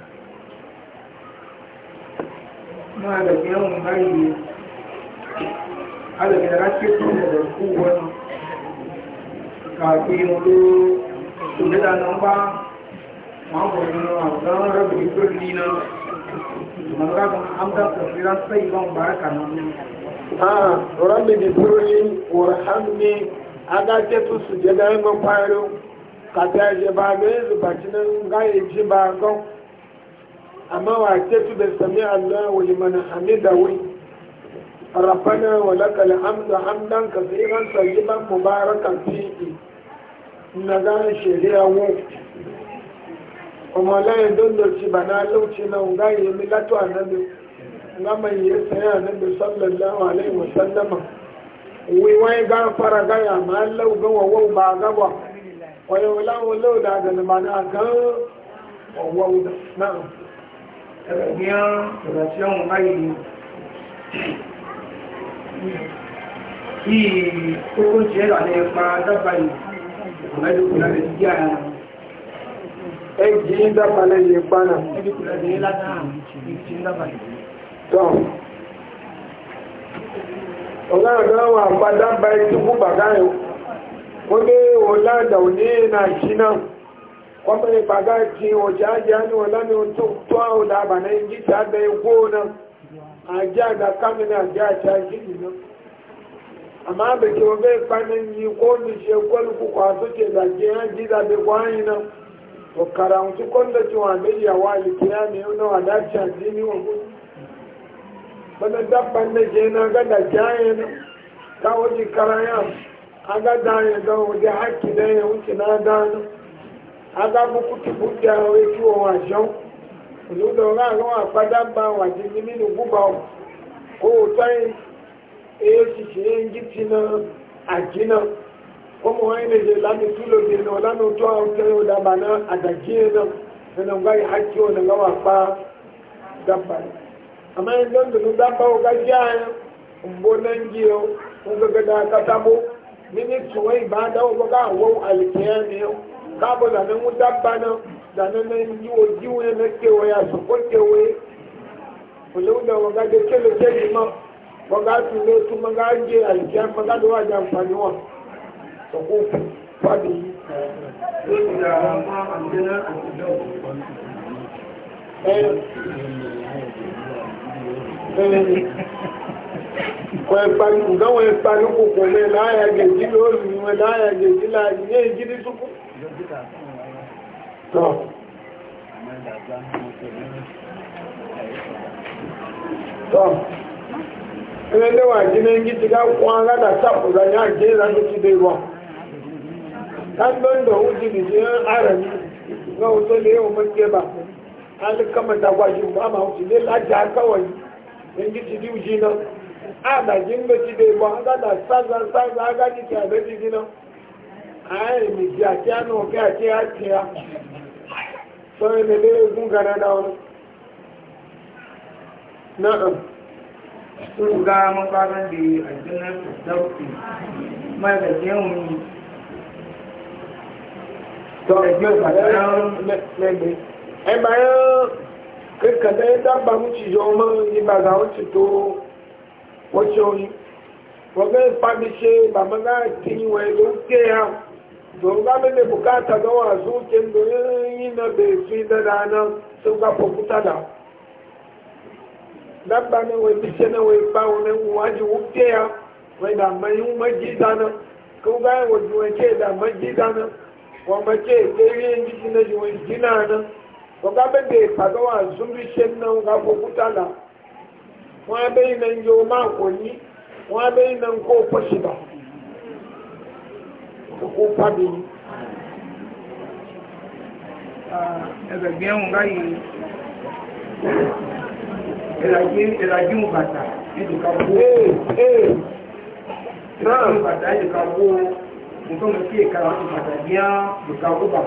ma da yawon hari ada da kàkiri olú òdílà nọmbá wọn kò nínú àwọn rẹ̀bù ìgbò nínú mọ̀lọ́gbọ̀n amdá tafira sai ìbọn baraka nọ ah rabbi bi turli warhamni tu su je da je ba be zu ba tin ga e ji ba go amma wa ke tu da sami allah wa liman hamida wai ربنا ولك الحمد حمدا كثيرا طيبا مباركا فيه nnaga ń ṣèlé àwọn ọmọlẹ́yìn dọ́dọ̀ ti bàdá lóòtí náà ńgá ìyẹmí látọ̀ ànábi ńgá mọ̀ ìyẹ́ sẹ́yìn ànábi sallallahu alaihi wa sallam wíwá igá fara gáyà máa lẹ́wù gan wọ́wọ́ bá gábọ̀ ọ̀yọ̀ láwọn lẹ́wù dàgbà ní bàdá gan ọ̀wọ́ náà. ẹ̀rọ ní ọ̀rọ̀ tí ọ̀hún báyìí bí kókó jẹ́ ìlànà ipa dábàá yìí ẹjì dábàlẹ̀ yìí pánà tọ́ ọ̀gáàgbà wà pàdábà ẹjú fún bàgáyẹ̀ wọ́n lé ọ̀láàdà òní na ṣíná wọ́n mẹ́rin bàgá kí ọjà ajá ní ọ̀lámi tó àwọn àbànà ìjíta abẹ́ ikú náà àjá àgbà kámínà àjá àjá ìjíta náà amma da ke wa bai fanin yi ko ni ce kwal ku suke da anyị yan gida da kwani nan to karantu kon da ci wa bai wa likiya ne yau na wadaci a jini wa kudu bana dabban da ke na ga da kyaye na ta waje karaya a ga da ya wuce na a ga a wai kiwo a ga wa eyo ṣiṣẹ́ yìí na àjínà ọmọ wọn ilẹ̀ ṣe láti túlò dé náà lánàá tó àwọn tẹ́lẹ̀ ọ̀dàbà náà àdàjí ẹ̀ náà nínú gbáyé hajj ọ̀nà lọ́wọ́ apá dábà yìí àmọ́ ẹ̀ lọ́dún dábà ọ̀gá jẹ́ àyàn mbó náà ń jí ọ ń gẹ́gẹ́ dá kátàbó nínú ìtùwọ́ ìbá dáwọ́ bọ́ ká àwọ̀ àlìkẹ́yà ni ọ káàbọ̀ lànà ń dábà náà lànà ń yíwọ maga tunle tu maga je alikiyar maga da waje amfani wa ta kofi fadi yi nga wọn ìparí kòkò mẹ́ láàyà gẹ̀ẹ́jì lórí wọn láàyà gẹ̀ẹ́jì láàyà ní èjì ní súnkú tọ́ tọ́ ẹgbẹ́ lẹ́wà jílẹ̀ ń gíti ká kún aládà sápùrà ní àjẹ́ ìlànà ti dé wà kágbọ́ndọ̀ ó ti dìde ààrẹ ní ìgbọ́n tó lé ọmọ ìjẹba alikamatakwaji mama ó ti lé lájà akáwọ̀ yìí ń gíti dí ojì náà àdàjí ń ba ti dé wà aládà sáza sáza agájí ti àbẹ́ ti dí náà ààrẹ to ku ga mafarin da aljannar sauki mai da yawon to ẹgbẹ́ ìgbàgbẹ́ ẹgbàyán kékeré dábà mú ti yọ ọmọ ìbàdà ó ti tó wọ́n ṣe oyin wọ́n fẹ́ fàbí ṣe bàbá náà tí wọ́n ló dabba na wai bice na wai ba wani waji wuke ya wai da mai maji dana ko ga wa juwa ke da maji dana wa mace ke yin jiki na juwa jina na ko ga be be paga wa zumbi shen na ga ko kutala wa be na yo ma ko ni wa be na ko fashiba ko pabi ah ebe bien ngai Thank you ìràjú bàtà ìdùkàwó ìràjú bàtà ìdùkàwó nǹkan lọ sí ìkàrà àti bàtà ní á ìdùkàwó bà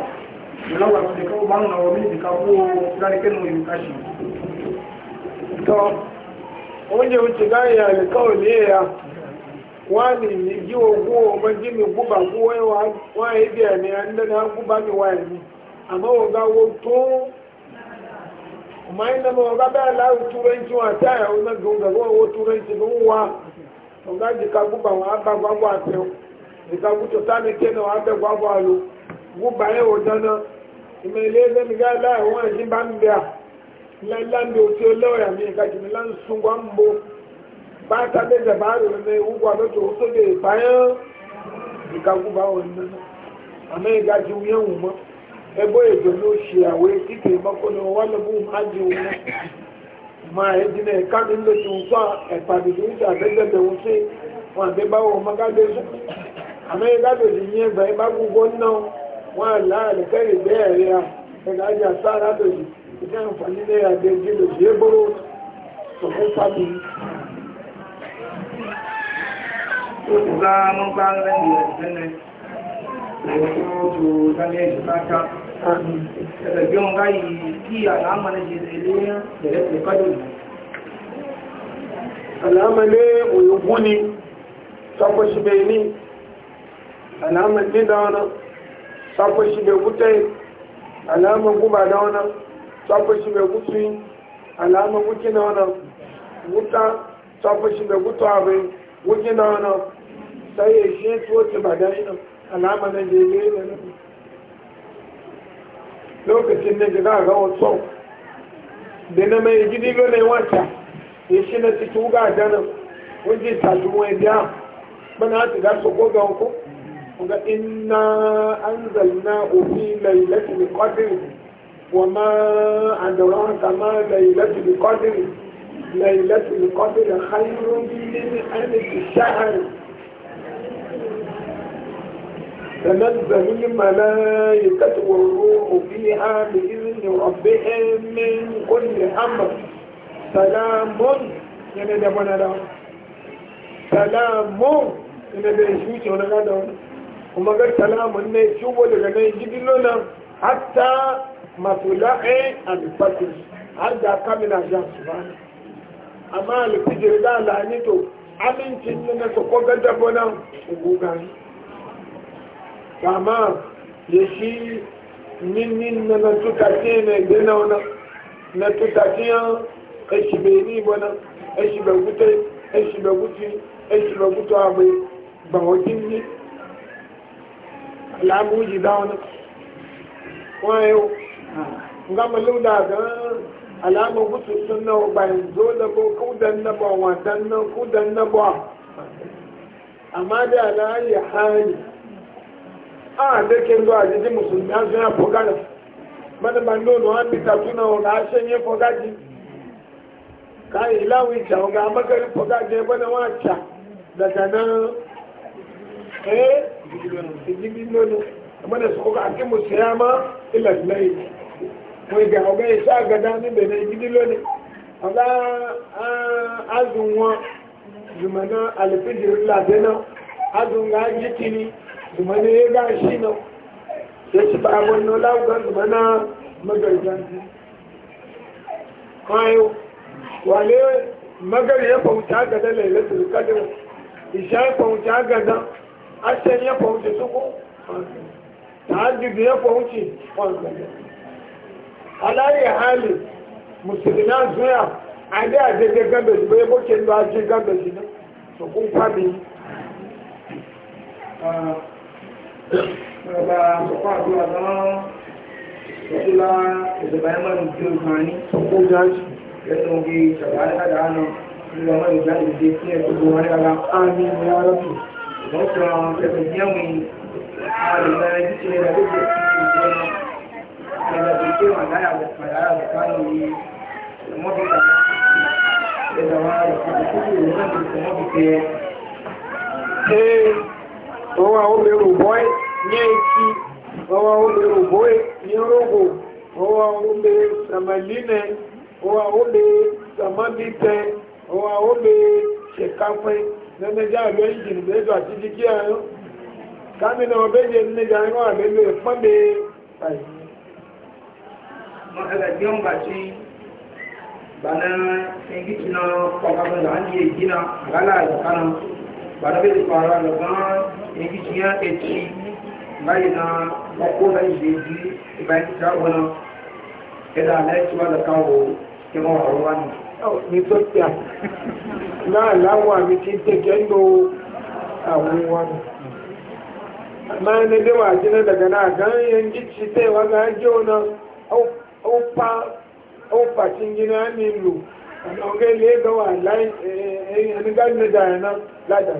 ìlọ́wà tó dìkàwó bá ń lọ ní ìdùkàwó láríkẹ́nu ìrùkàṣì tọ́ oúnjẹ oúnjẹ gáyà ìrìkàwó ní ẹ̀yà wọ́n ní yí owó ọmọ jí mi gúbà gúwọ́ wọ́n ẹ̀dẹ̀ ẹ̀mí ẹ̀ndẹ́ni á gúbà mi wáyé ni àmọ́ wọ́n gáwó tó amma inda ma ga da lawo turanci wa ta ya wani gunga ga wo turanci gun wa to ga wa ba gwa gwa te ji ka guto ta ne ke na wa ba gwa gwa lo guba ye o dana ime le le mi ga la wa ji ba mbia la la ndo o lo ya mi ka ji mbo ba ta de da ba ro ne u gwa do de ba ya ji ka o nana amma e ga ji wu yan wu mo ebo ejo ló ṣe àwọn etí kì í bọ́kọ́ lọ wọ́n lọ fún ájì wọn náà máa ẹdí náà ẹ̀ka mi ló ti ń sọ ẹ̀pàdé tó ń ṣe àbẹ́gbẹ̀bẹ̀ wọn sí wọn àbẹ́ báwo ọmọ kájọ sọ àmọ́ ẹ̀ka tó ti yín ẹgbàá ẹ̀bá gbogbo náà wọn àlá àlẹ́kẹ́ ìgbẹ́ ẹ̀rẹ́ à ẹ̀ka ajá sára tó yìí ìdá àǹfààní náà àbẹ́ jí lò sí égbóró sọ̀kún sábì. Òkúta mọ́ bá ń rẹ́ ẹgbẹ̀rún báyìí kí àlàámàlẹ́ ṣe ilé ẹ̀rẹ́ da wana, òyògún ni sọ́kọ́ṣíbẹ̀ ní àlàámàlẹ́ dáwọn sọ́kọ́ṣíbẹ̀ gútẹ́ àlàámà gúbà dáwọn sọ́kọ́ṣíbẹ̀ gútù àlàámà gúkí náwọn gúta sọ́kọ́ṣíbẹ̀ gútù àbẹ̀ gúkí náwọn sáyẹ̀ ṣe tí ó ti bàdá na, ṣe ilé ẹ̀rẹ́ lokacin da za a ga wasu da na mai gidi gane wata ya shi na cikin gada nan wajen tashi mai biya mana ta ga su goga ku ga inna an zalna ofi lailatul qadr wa ma adraka ma lailatul qadr lailatul qadr khairun min alf shahr تنزل الملائكة والروح فيها بإذن ربهم من كل أمر سلام يعني ده بنا ده سلام يعني ده شوية ولا ده وما قال سلام إن شو ولا ده يجيب لنا حتى مطلع الفجر عند كامل أجان سبحانه أما الفجر ده لعنته أمين تنسى كوكا ده بنا وقوقا kama ya shi ninnin na na tutatiya na gina wani na tutatiya eshi bai ni wani eshi bai gute eshi bai gute eshi bai gute abai ban wajen ni alamu ji da wani wayo oh? nga malu da gan alamu gutu sun na bayan zo bo kudan na ba wa dan na kudan na amma da alayi hali a da ke zuwa jijin musulmi an suna fogana mana man nono an bi tatuna wa ga shanye fogaji ka yi lawi ca wa ga makarin fogaji ya bana wa ca daga nan eh jijin nono mana su kuka ake musu yama ilas mai wai ga ga ya sa ga dani bai na jijin nono a ga azunwa zumana alifijin ladina azunwa jikini zumani ya ga shi na ya ci ba abin na lagugan zumana magarjan kwayo wale magar ya fauta ga da lailatul qadr isha ya fauta ga da ashen ya fauta suku tahajjud ya fauci wanda alayi hali musulina zuya a da daidai gaba shi bai bokin da ajin gaba shi na sukun kwabi Ìjọba ọ̀pá àdúrà náà ìjọba ìjọba ẹ̀mọ́ ìjọ ìgbàní ọkọ̀ ìjájú ẹ̀sùn ògbé ìjọba àdá náà ìjọba ọmọ ìjọba ìdíje sí ẹ̀kọ́ gbogbo wọn lára àmì ìwé arábì. Ìjọba ọ̀pọ̀ ẹ̀sùn ìjẹ́wì àdìgbà ẹ̀jú ti lè rẹ̀ lóde sí ìjọ náà. Ìjọba ìjọ àdáyà àbùkà náà ni ọmọdé ìjọba ìjọba ìjọba ìjọba ìjọba ọwọ́ àwọn obere bọ́ẹ̀ nye ẹ̀kí ọwọ́ àwọn mẹ́rù bọ́ẹ̀ ní rògbò ọwọ́ àwọn mẹ́ sàmàlínẹ̀ ọwọ́ ọwọ́ àwọn mẹ́ ṣẹ̀káfẹ́ nẹ́nẹ́jà àlọ́ ìjìn mẹ́jọ àti jíjí àárọ̀ kámínà ọbẹ̀jẹ̀ nẹ́jà àárọ̀ àbẹ̀lẹ̀ fọ́nbẹ̀ báyìí. mọ́tẹ́lẹ̀ gbé ń bàtí bana engi tina kwakabanga ìgbìyàn ètò báyìí na ọkọ́ náà ìgbè jí ìbáyìí ti ká wọ́n ẹ̀dà aláìsíwá lọ́ka wò kí wọ́n ọ̀rọ̀ wá nù. ní tó tí a náà láwọn àmì tí ń tẹ̀kẹ́ ń lo àwọn wa nù. máa ní ilé wà jí náà dàgbà náà gan yẹn jí ti tẹ̀ wá gan jẹ́ ẹ̀yìn ẹ̀mí gáàdì náà náà ládàá.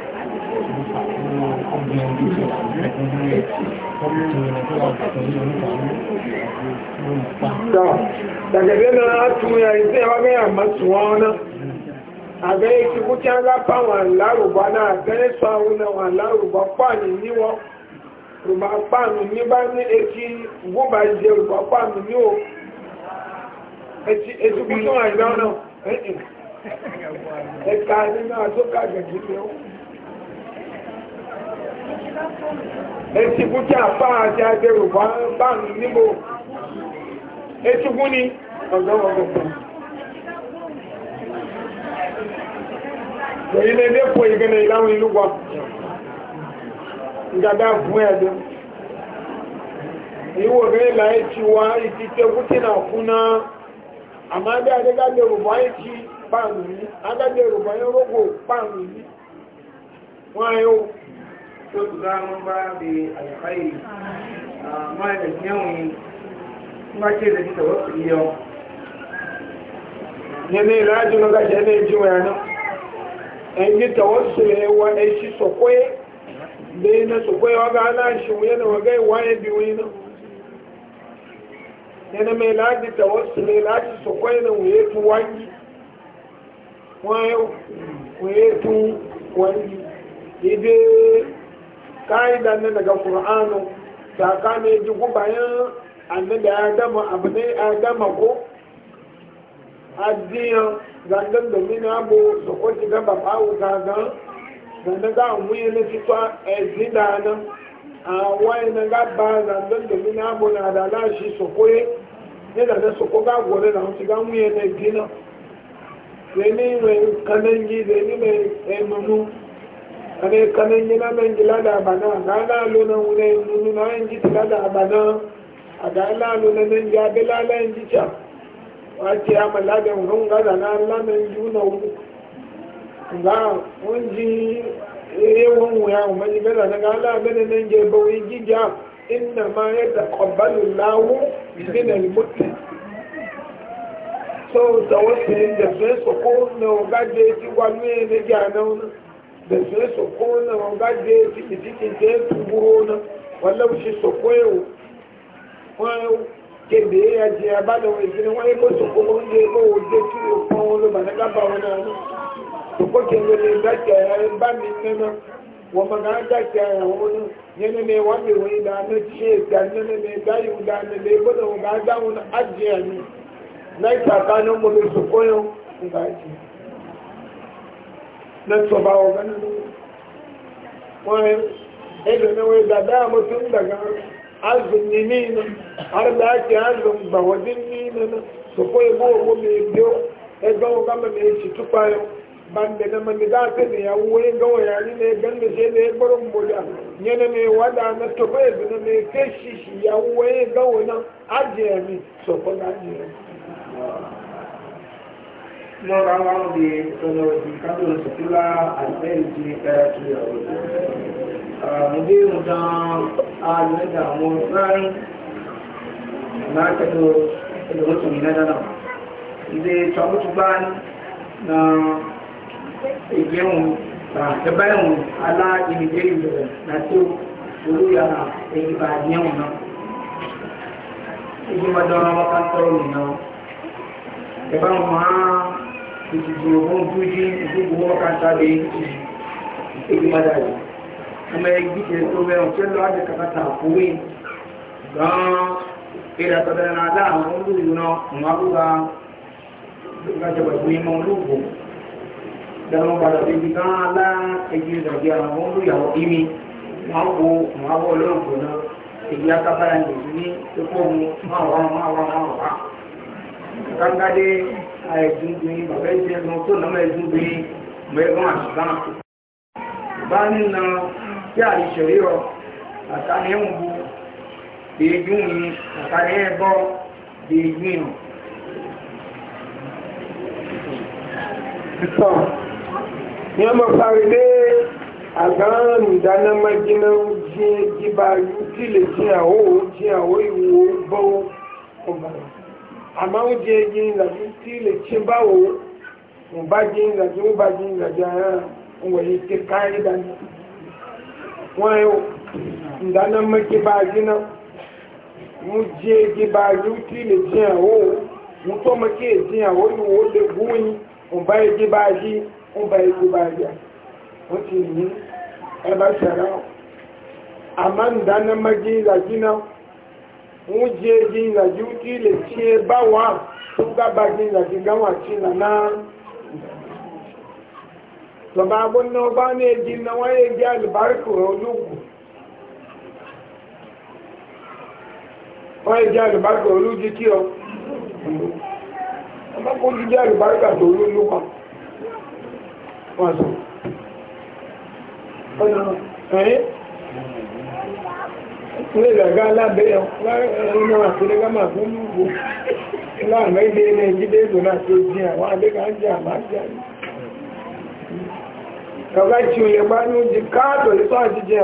Dàgẹ̀dẹ́ náà tún ẹ̀rí tí ẹwà mẹ́rin Àbẹ́ ìṣubú tí a ń lápá wọn àlárùbá náà, àbẹ́rẹ́ sọ àwọn níwọ́. ní bá ní jẹ ní o. náà. Etikun tí a fá àti agbèrò bá ń níbò. ọzọ ni ọzọ Èyí lè lé pò ìgbẹ̀nà ìláwọn ìlú wa. Ìgbàdá fún ẹ̀dọ́. Ìwò rẹ̀ ìlà ẹ̀tì wa ìtì tẹ́kún tí nà fún náà. Àmá ti Wọ́n تدغام باب الخير ما يتنوي ما كده يتوفي اليوم yẹni ìrìnàjò ló gbàjẹ́ ní ìjú ẹ̀nà ẹni tàwọ́sílẹ̀ ẹwà ẹṣí sọ̀kọ́ ẹ́ bẹ́ẹ̀ na sọ̀kọ́ ẹ́ ọgá aláṣùwò yẹn wọ́gá ìwà ẹbí wọn iná yẹni mẹ́ láti tàwọ́sílẹ̀ láti sọ̀kọ́ ẹ́ na wòye tún wáyé wọ́n wòye tún wáyé ìdè ka'ida ne daga qur'anu tsakanin ji bayan annabi adama abu ne adama ko adiyan zangan domin abu su ko shiga ba fawo gagan zanne ga muyi na fitwa ezida nan a wani na ga ba domin abu na da lashi su koye ne da na su ko ga gore na su ga muyi na gina zai ni mai kanangi zai ni mai emunu eh, ane kane nyina men gila da bana ga la lo na wune nunu na en jiti la da bana aga la lo na men ja be la la en jicha wa ti ama la de ngun ga e, e, da na la men ju na wu ga unji e won wu ya o men ga da ga la be ne men je bo yi e, jija inna ma yataqabbalu Allahu min al-muttaqin so tawassul da sai so ko no ga wa ne ne ga na da su na wanga ya ciki ya tuburo na shi yau kwayo ke da ya yaji ya ba da wani gina wani ko soko ba wanda ya ba kwan na ba min nana wa ya wani yana ne wani wani da na ce nana ne da yi da na ne ba da wani ajiya na yi tsakanin mu da yau ajiya lẹ́tọ̀ọ̀bá ọ̀gá nínú wọ́n ẹgbẹ̀mẹ́wọ́ ìdàdá àmọ́tí ń dàgbà azùn ní nínú arìbáàkì azùn gbàwọ́dí nínú sọ̀kọ́ ìbú ẹgbẹ́ na mani da ta ne wada na tofa ya ya wuwa yin gawa nan mi Lord, I want the, uh, the candle to fill and then the prayer to your Mùdí nǹkan àlùmẹ́ta àwọn ọ̀sán lákẹ́lò ẹlòmọ́tò ìlẹ́dà náà. Ìdè tọ́mọ́tò bá na ìgbéhùn ẹgbẹ́ ẹ̀hùn alá ìrìnlẹ̀ ìbẹ̀rẹ̀ láti olóyà ìgbà ìyẹ̀hùn náà. Ìgbìmọ̀dọ̀ ọmọ kan tọ́rọ mi náà. Ẹ̀bá wọn máa ìdìbòrògùn dúdú ìdìbò wọn kan sábẹ ìdìbò mọ́dà yìí ọmọ ẹgbẹ́ tẹ̀ tó bẹ́ẹ̀ ọ̀tẹ́ lọ́wọ́ àti kàkàtà àkúwé gan-an ìrẹ̀ àtọ̀dẹ̀rẹ̀ náà láàrín olóòlù náà mọ́ àbúgbà gbàjọba ìwé mọ́ olóògbò dáwọn padà débi gan-an lá ẹgbẹ́ ìdàgbé àwọn olóyàwó ìmí mọ́ àbò mọ́ àbò olóògbò náà èyí akábáyà nìyí ní ẹkọ́ mu máa wà máa wà máa wà àìdúndùn bàbá ìṣe ẹgbọn tó nàmà ìdúndùn mẹgbọn àṣìbá bá nínà tí àìṣẹ̀rí ọ àtàní ẹ̀wọ̀n èédú yìí àtàní ẹ̀bọ èédú yìí. Ìtàn ni ọmọ parí lé àgbáhàn ìdánámájíná jí jíba yìí tí lè jí àwọ̀ jí àwọ̀ ìwò bọ́ ọ̀bàrà àmọ́ ó jẹ́ igi ìlàjú tí lè ṣe báwo mo bá jí ìlàjú ó bá jí ìlàjú ara wọ̀ yìí ti ká ẹ̀ dání wọ́n ẹ̀ ìdáná mẹ́kí bá a jiná mo jẹ́ igi bá a jú tí lè ṣe àwọ̀ mo tọ́ mẹ́kí èdè àwọ̀ ni wọ́n lè gún yín mo bá igi bá a jí mo bá igi bá a jà ó ti yín ẹ bá ṣàrà àmọ́ ìdáná mẹ́kí ìlàjú náà. wuje jinga juti le tie bawa tuga bajinga kigawa china na na no bane jinna waye gal barku olugu waye gal barku olugu ilé ìgbàgbá alábẹ́ ọ̀rọ̀ àtúnlẹ́gbà máa tó ní ìgbò láàrín ilé ilé ìjídé èdò náà tó jí àwọn adéka ń jẹ àmájá ní ọ̀gá tí ó yẹ bá jí káàtọ̀ lítọ́ àti jẹ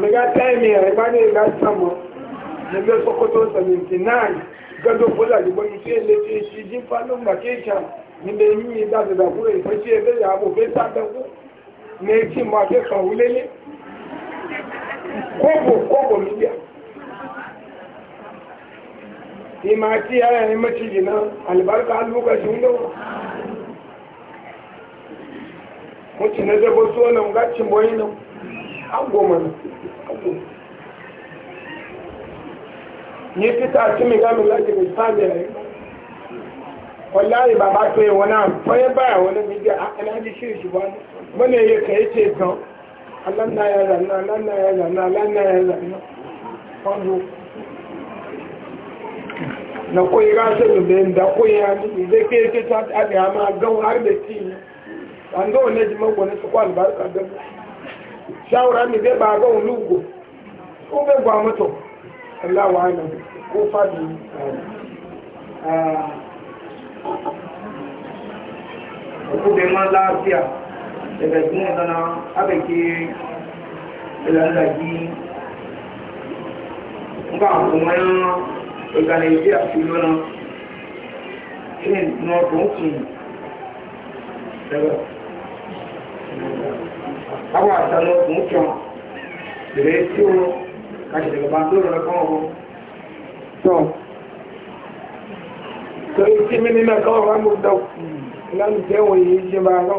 mẹ́gá táìmì àyíká ìgbà sàmọ́ nígbẹ́ 79 fọ́lá ilé tí jí yìí ìfẹ́ sí ẹgbẹ́ ìyàwó fẹ́ sábẹ́kú ní etí mọ́ akẹ́kọ̀ọ́ wúlélé kobo kobo libya imati ya yi maci jina albarka aluka shi ndo mutu na zabo so na ngacin boyi na agoma na ni fita ti mi gami lati mi ya yi wallahi baba to yi wani amfani baya wani media a ina ji shiri shi ba wani ya kai ce gan alanna ya zanna ya zanna alanna ya na koyi rashin lubin koyi ya nufi zai ke ke ta abi ama gan har da ti ne a ga ama jiman gwani su kwa albarka da shawara mi zai ba gan lugo ko bai gwa mutu Allah wa ko ah. ma lafiya daga cikin zana aka ke lalaki nga kuma ya organize a filo na ne nọrọ kun daga awa ta nọrọ kun kyan daga ya ciwo kashi daga ba dole na kan ọgbọ to to yi ti mini na kan ọgbọ mu da lanu jẹ wọnyi jẹ ba lọ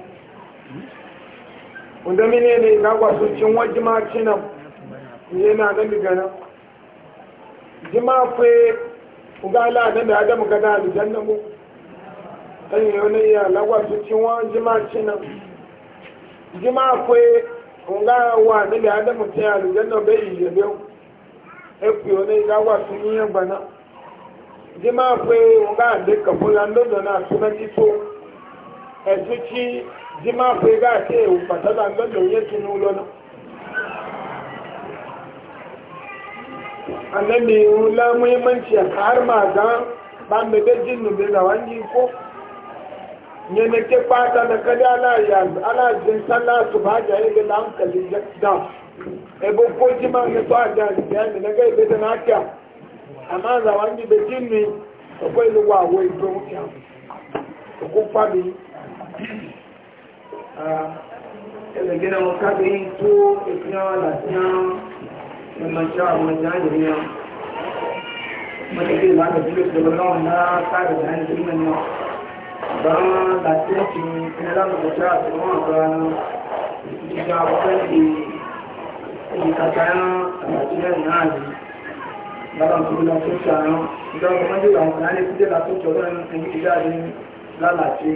wanda na ne ga kwaso wa jima cinan yana ga migana jima fe ga da da adam ga da aljanna mu na yi wani ya lagwa su wa jima cinan jima fe ga wa da da adam ta aljanna bai yi yabe e ku wani ga kwaso yin yamba na jima fe ga da na sunan ito ezuci ji ma fe ga ke ewu patala nga na onye tu n'ụlọ na annabi la muhimmanci a har ma ba me jinnu be da wani ko ne ne ke fata da kada ala ya ala ba ja ile hankali da e bo ko ga amma ẹgbẹ̀gẹ́dà wọn káàkiri tó ìpínlẹ̀ làtíyàn ẹmọ̀ṣẹ́ àwọn ìjọ́ àjẹ́ríyàn mọ́tẹ̀kẹ́ ìlànà ìjọ́ ìjọba náà náà káàkiri àjẹ́ríyàn ìjọ́ náà bọ́n làtíyàn ti ìpínlẹ̀ lọ́pọ̀ṣẹ́ àti wọ́n àgbọ́n ìjọba ọ̀pẹ́ ìkàtà àjẹ́ríyàn náà lára òṣèlú la tó ṣàrán ìjọba mọ́jọ́ àwọn kan á lè fíjẹ́ la tó ṣọ̀rọ̀ ẹni ìjáde lálàáṣẹ́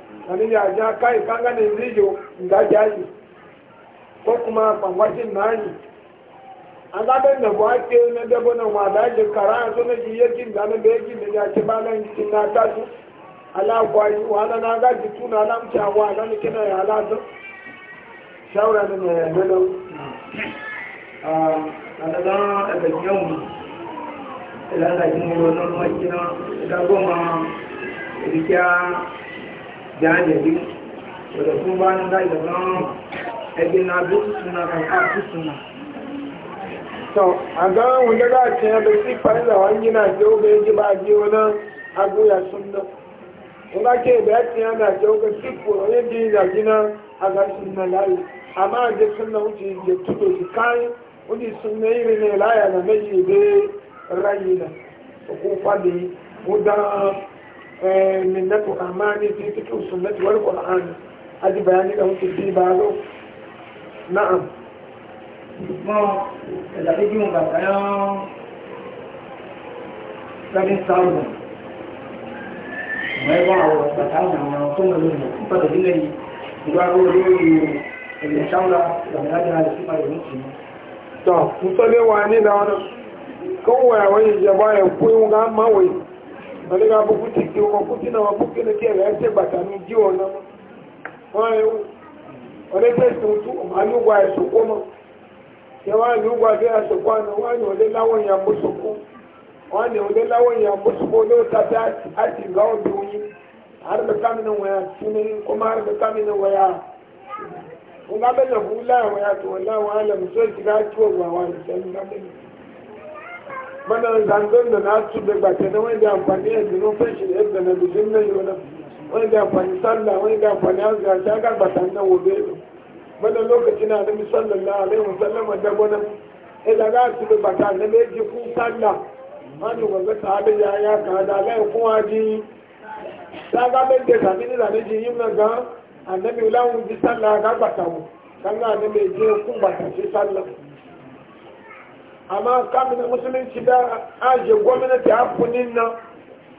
wani ya ja kai bangaren rijo da jaji ko kuma kwangwacin nani an zaɓen da buwa ke na dabo na wada yake kara a suna ji yakin da na da yakin da ya ci balan jikin na tasu ala kwayi wala na ga jitu na lamta wa ah, na nake na ya lasa shawara da na yanzu jajiri wadda sun ba ni zai daga ẹgbẹ́ na bí suna kan suna so a ga wunde ya bai si fari da wani na je oge ji ba je agoya suna in ga ya na je oge si gina a amma a wuce su suna iri mai minnatu amani fi fitu sunnati wal qur'an aji bayani da muke fi ba zo na'am mo da bi mu ba kayo sabin sawo mai ba wa ta ta na to mun ne fa da dinai ba ro ro ni in sha Allah da na da shi ba yin shi wani na abubu titi wọn kú tínà wọn kú kí ní kí ẹ̀rẹ́ ẹ̀ṣẹ́ gbàtà ní jí wọn náà wọ́n ẹ̀wù wọ́n ẹ̀ṣẹ́ sùn tún ọmọ alúgbà ẹ̀ṣọ́kó mọ́ yẹ wọ́n alúgbà bí ẹ̀ṣọ́kó àná wọ́n ní ọdẹ láwọn yà mú sọ́kó wọ́n ní ọdẹ láwọn yà mú sọ́kó ní ó tàbí àti ìgbà ọdún yìí àrùbẹ̀ kámínà wọ̀ yà túnú kọ́mọ àrùbẹ̀ kámínà wọ̀ wọ́n gábẹ́ bana zangon da na su da bata da wani da amfani a jino fashi yadda na bijin na yi wani wani da amfani sallah wani da amfani a zuwa ta ga bata nan wobe da bana lokaci na nabi sallallahu alaihi wasallam da gona e da ga su da bata na me ji ku sallah wani wanda ta da ya ya ka da lai kuma ji ta ga mai da sami ni da ne ji yin nan ga annabi lawu ji sallah ga bata mu kan ga ne me ji ku bata shi sallah amma kamina musulunci da aje gwamnati a kunin nan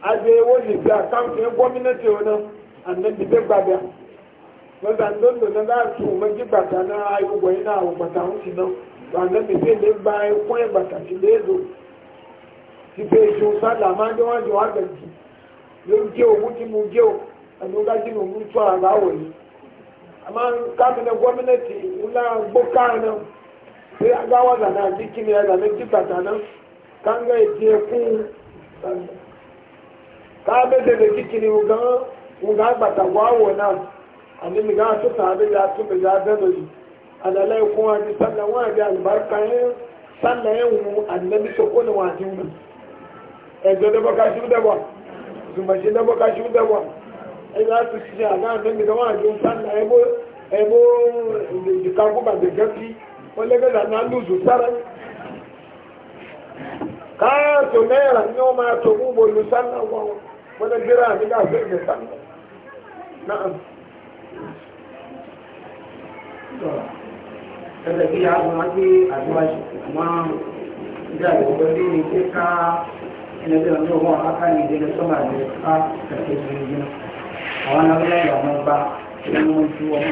aje wani da kamfin gwamnati wani annabi bai gbada wanda don da na tu magi bata na ayi gwai na awu bata hunci nan annabi bai ne bayan kwai bata ti da yazo ti bai ji sa da ma da wani wa ga ji yau ke o mutu mu ke o anu ga ji mu mutu a ga wani amma kamina gwamnati ula bokana sai an gawa da na ji kimiyya da na ji tatanan kan ga je ku ka be da da kikini uga uga bata gwawo na ani mi ga su ta da ya su da da da ji adala ko a ji sallan wa ga albarka ne sallan ya mu annabi so ko ne wa ji mu e do da baka shi da olégédà náà lùzù sára káàtó náírà ní ọmọ àtò gbogbo olùsánà wọn wọn lè gbéra àdígbà fẹ́ẹ̀fẹ́ sánà náà ẹ̀rẹ̀ bí a máa gbé àdúrà máa ń dá ìwọ̀n lé ní pé ká ẹni bí ọjọ́ wọn aká ní ìdílé sọ́mà ní ká kẹ̀kẹ́ ìgbìyànjú àwọn aláwọ̀ ìgbà wọn bá ẹni wọn ju ọmọ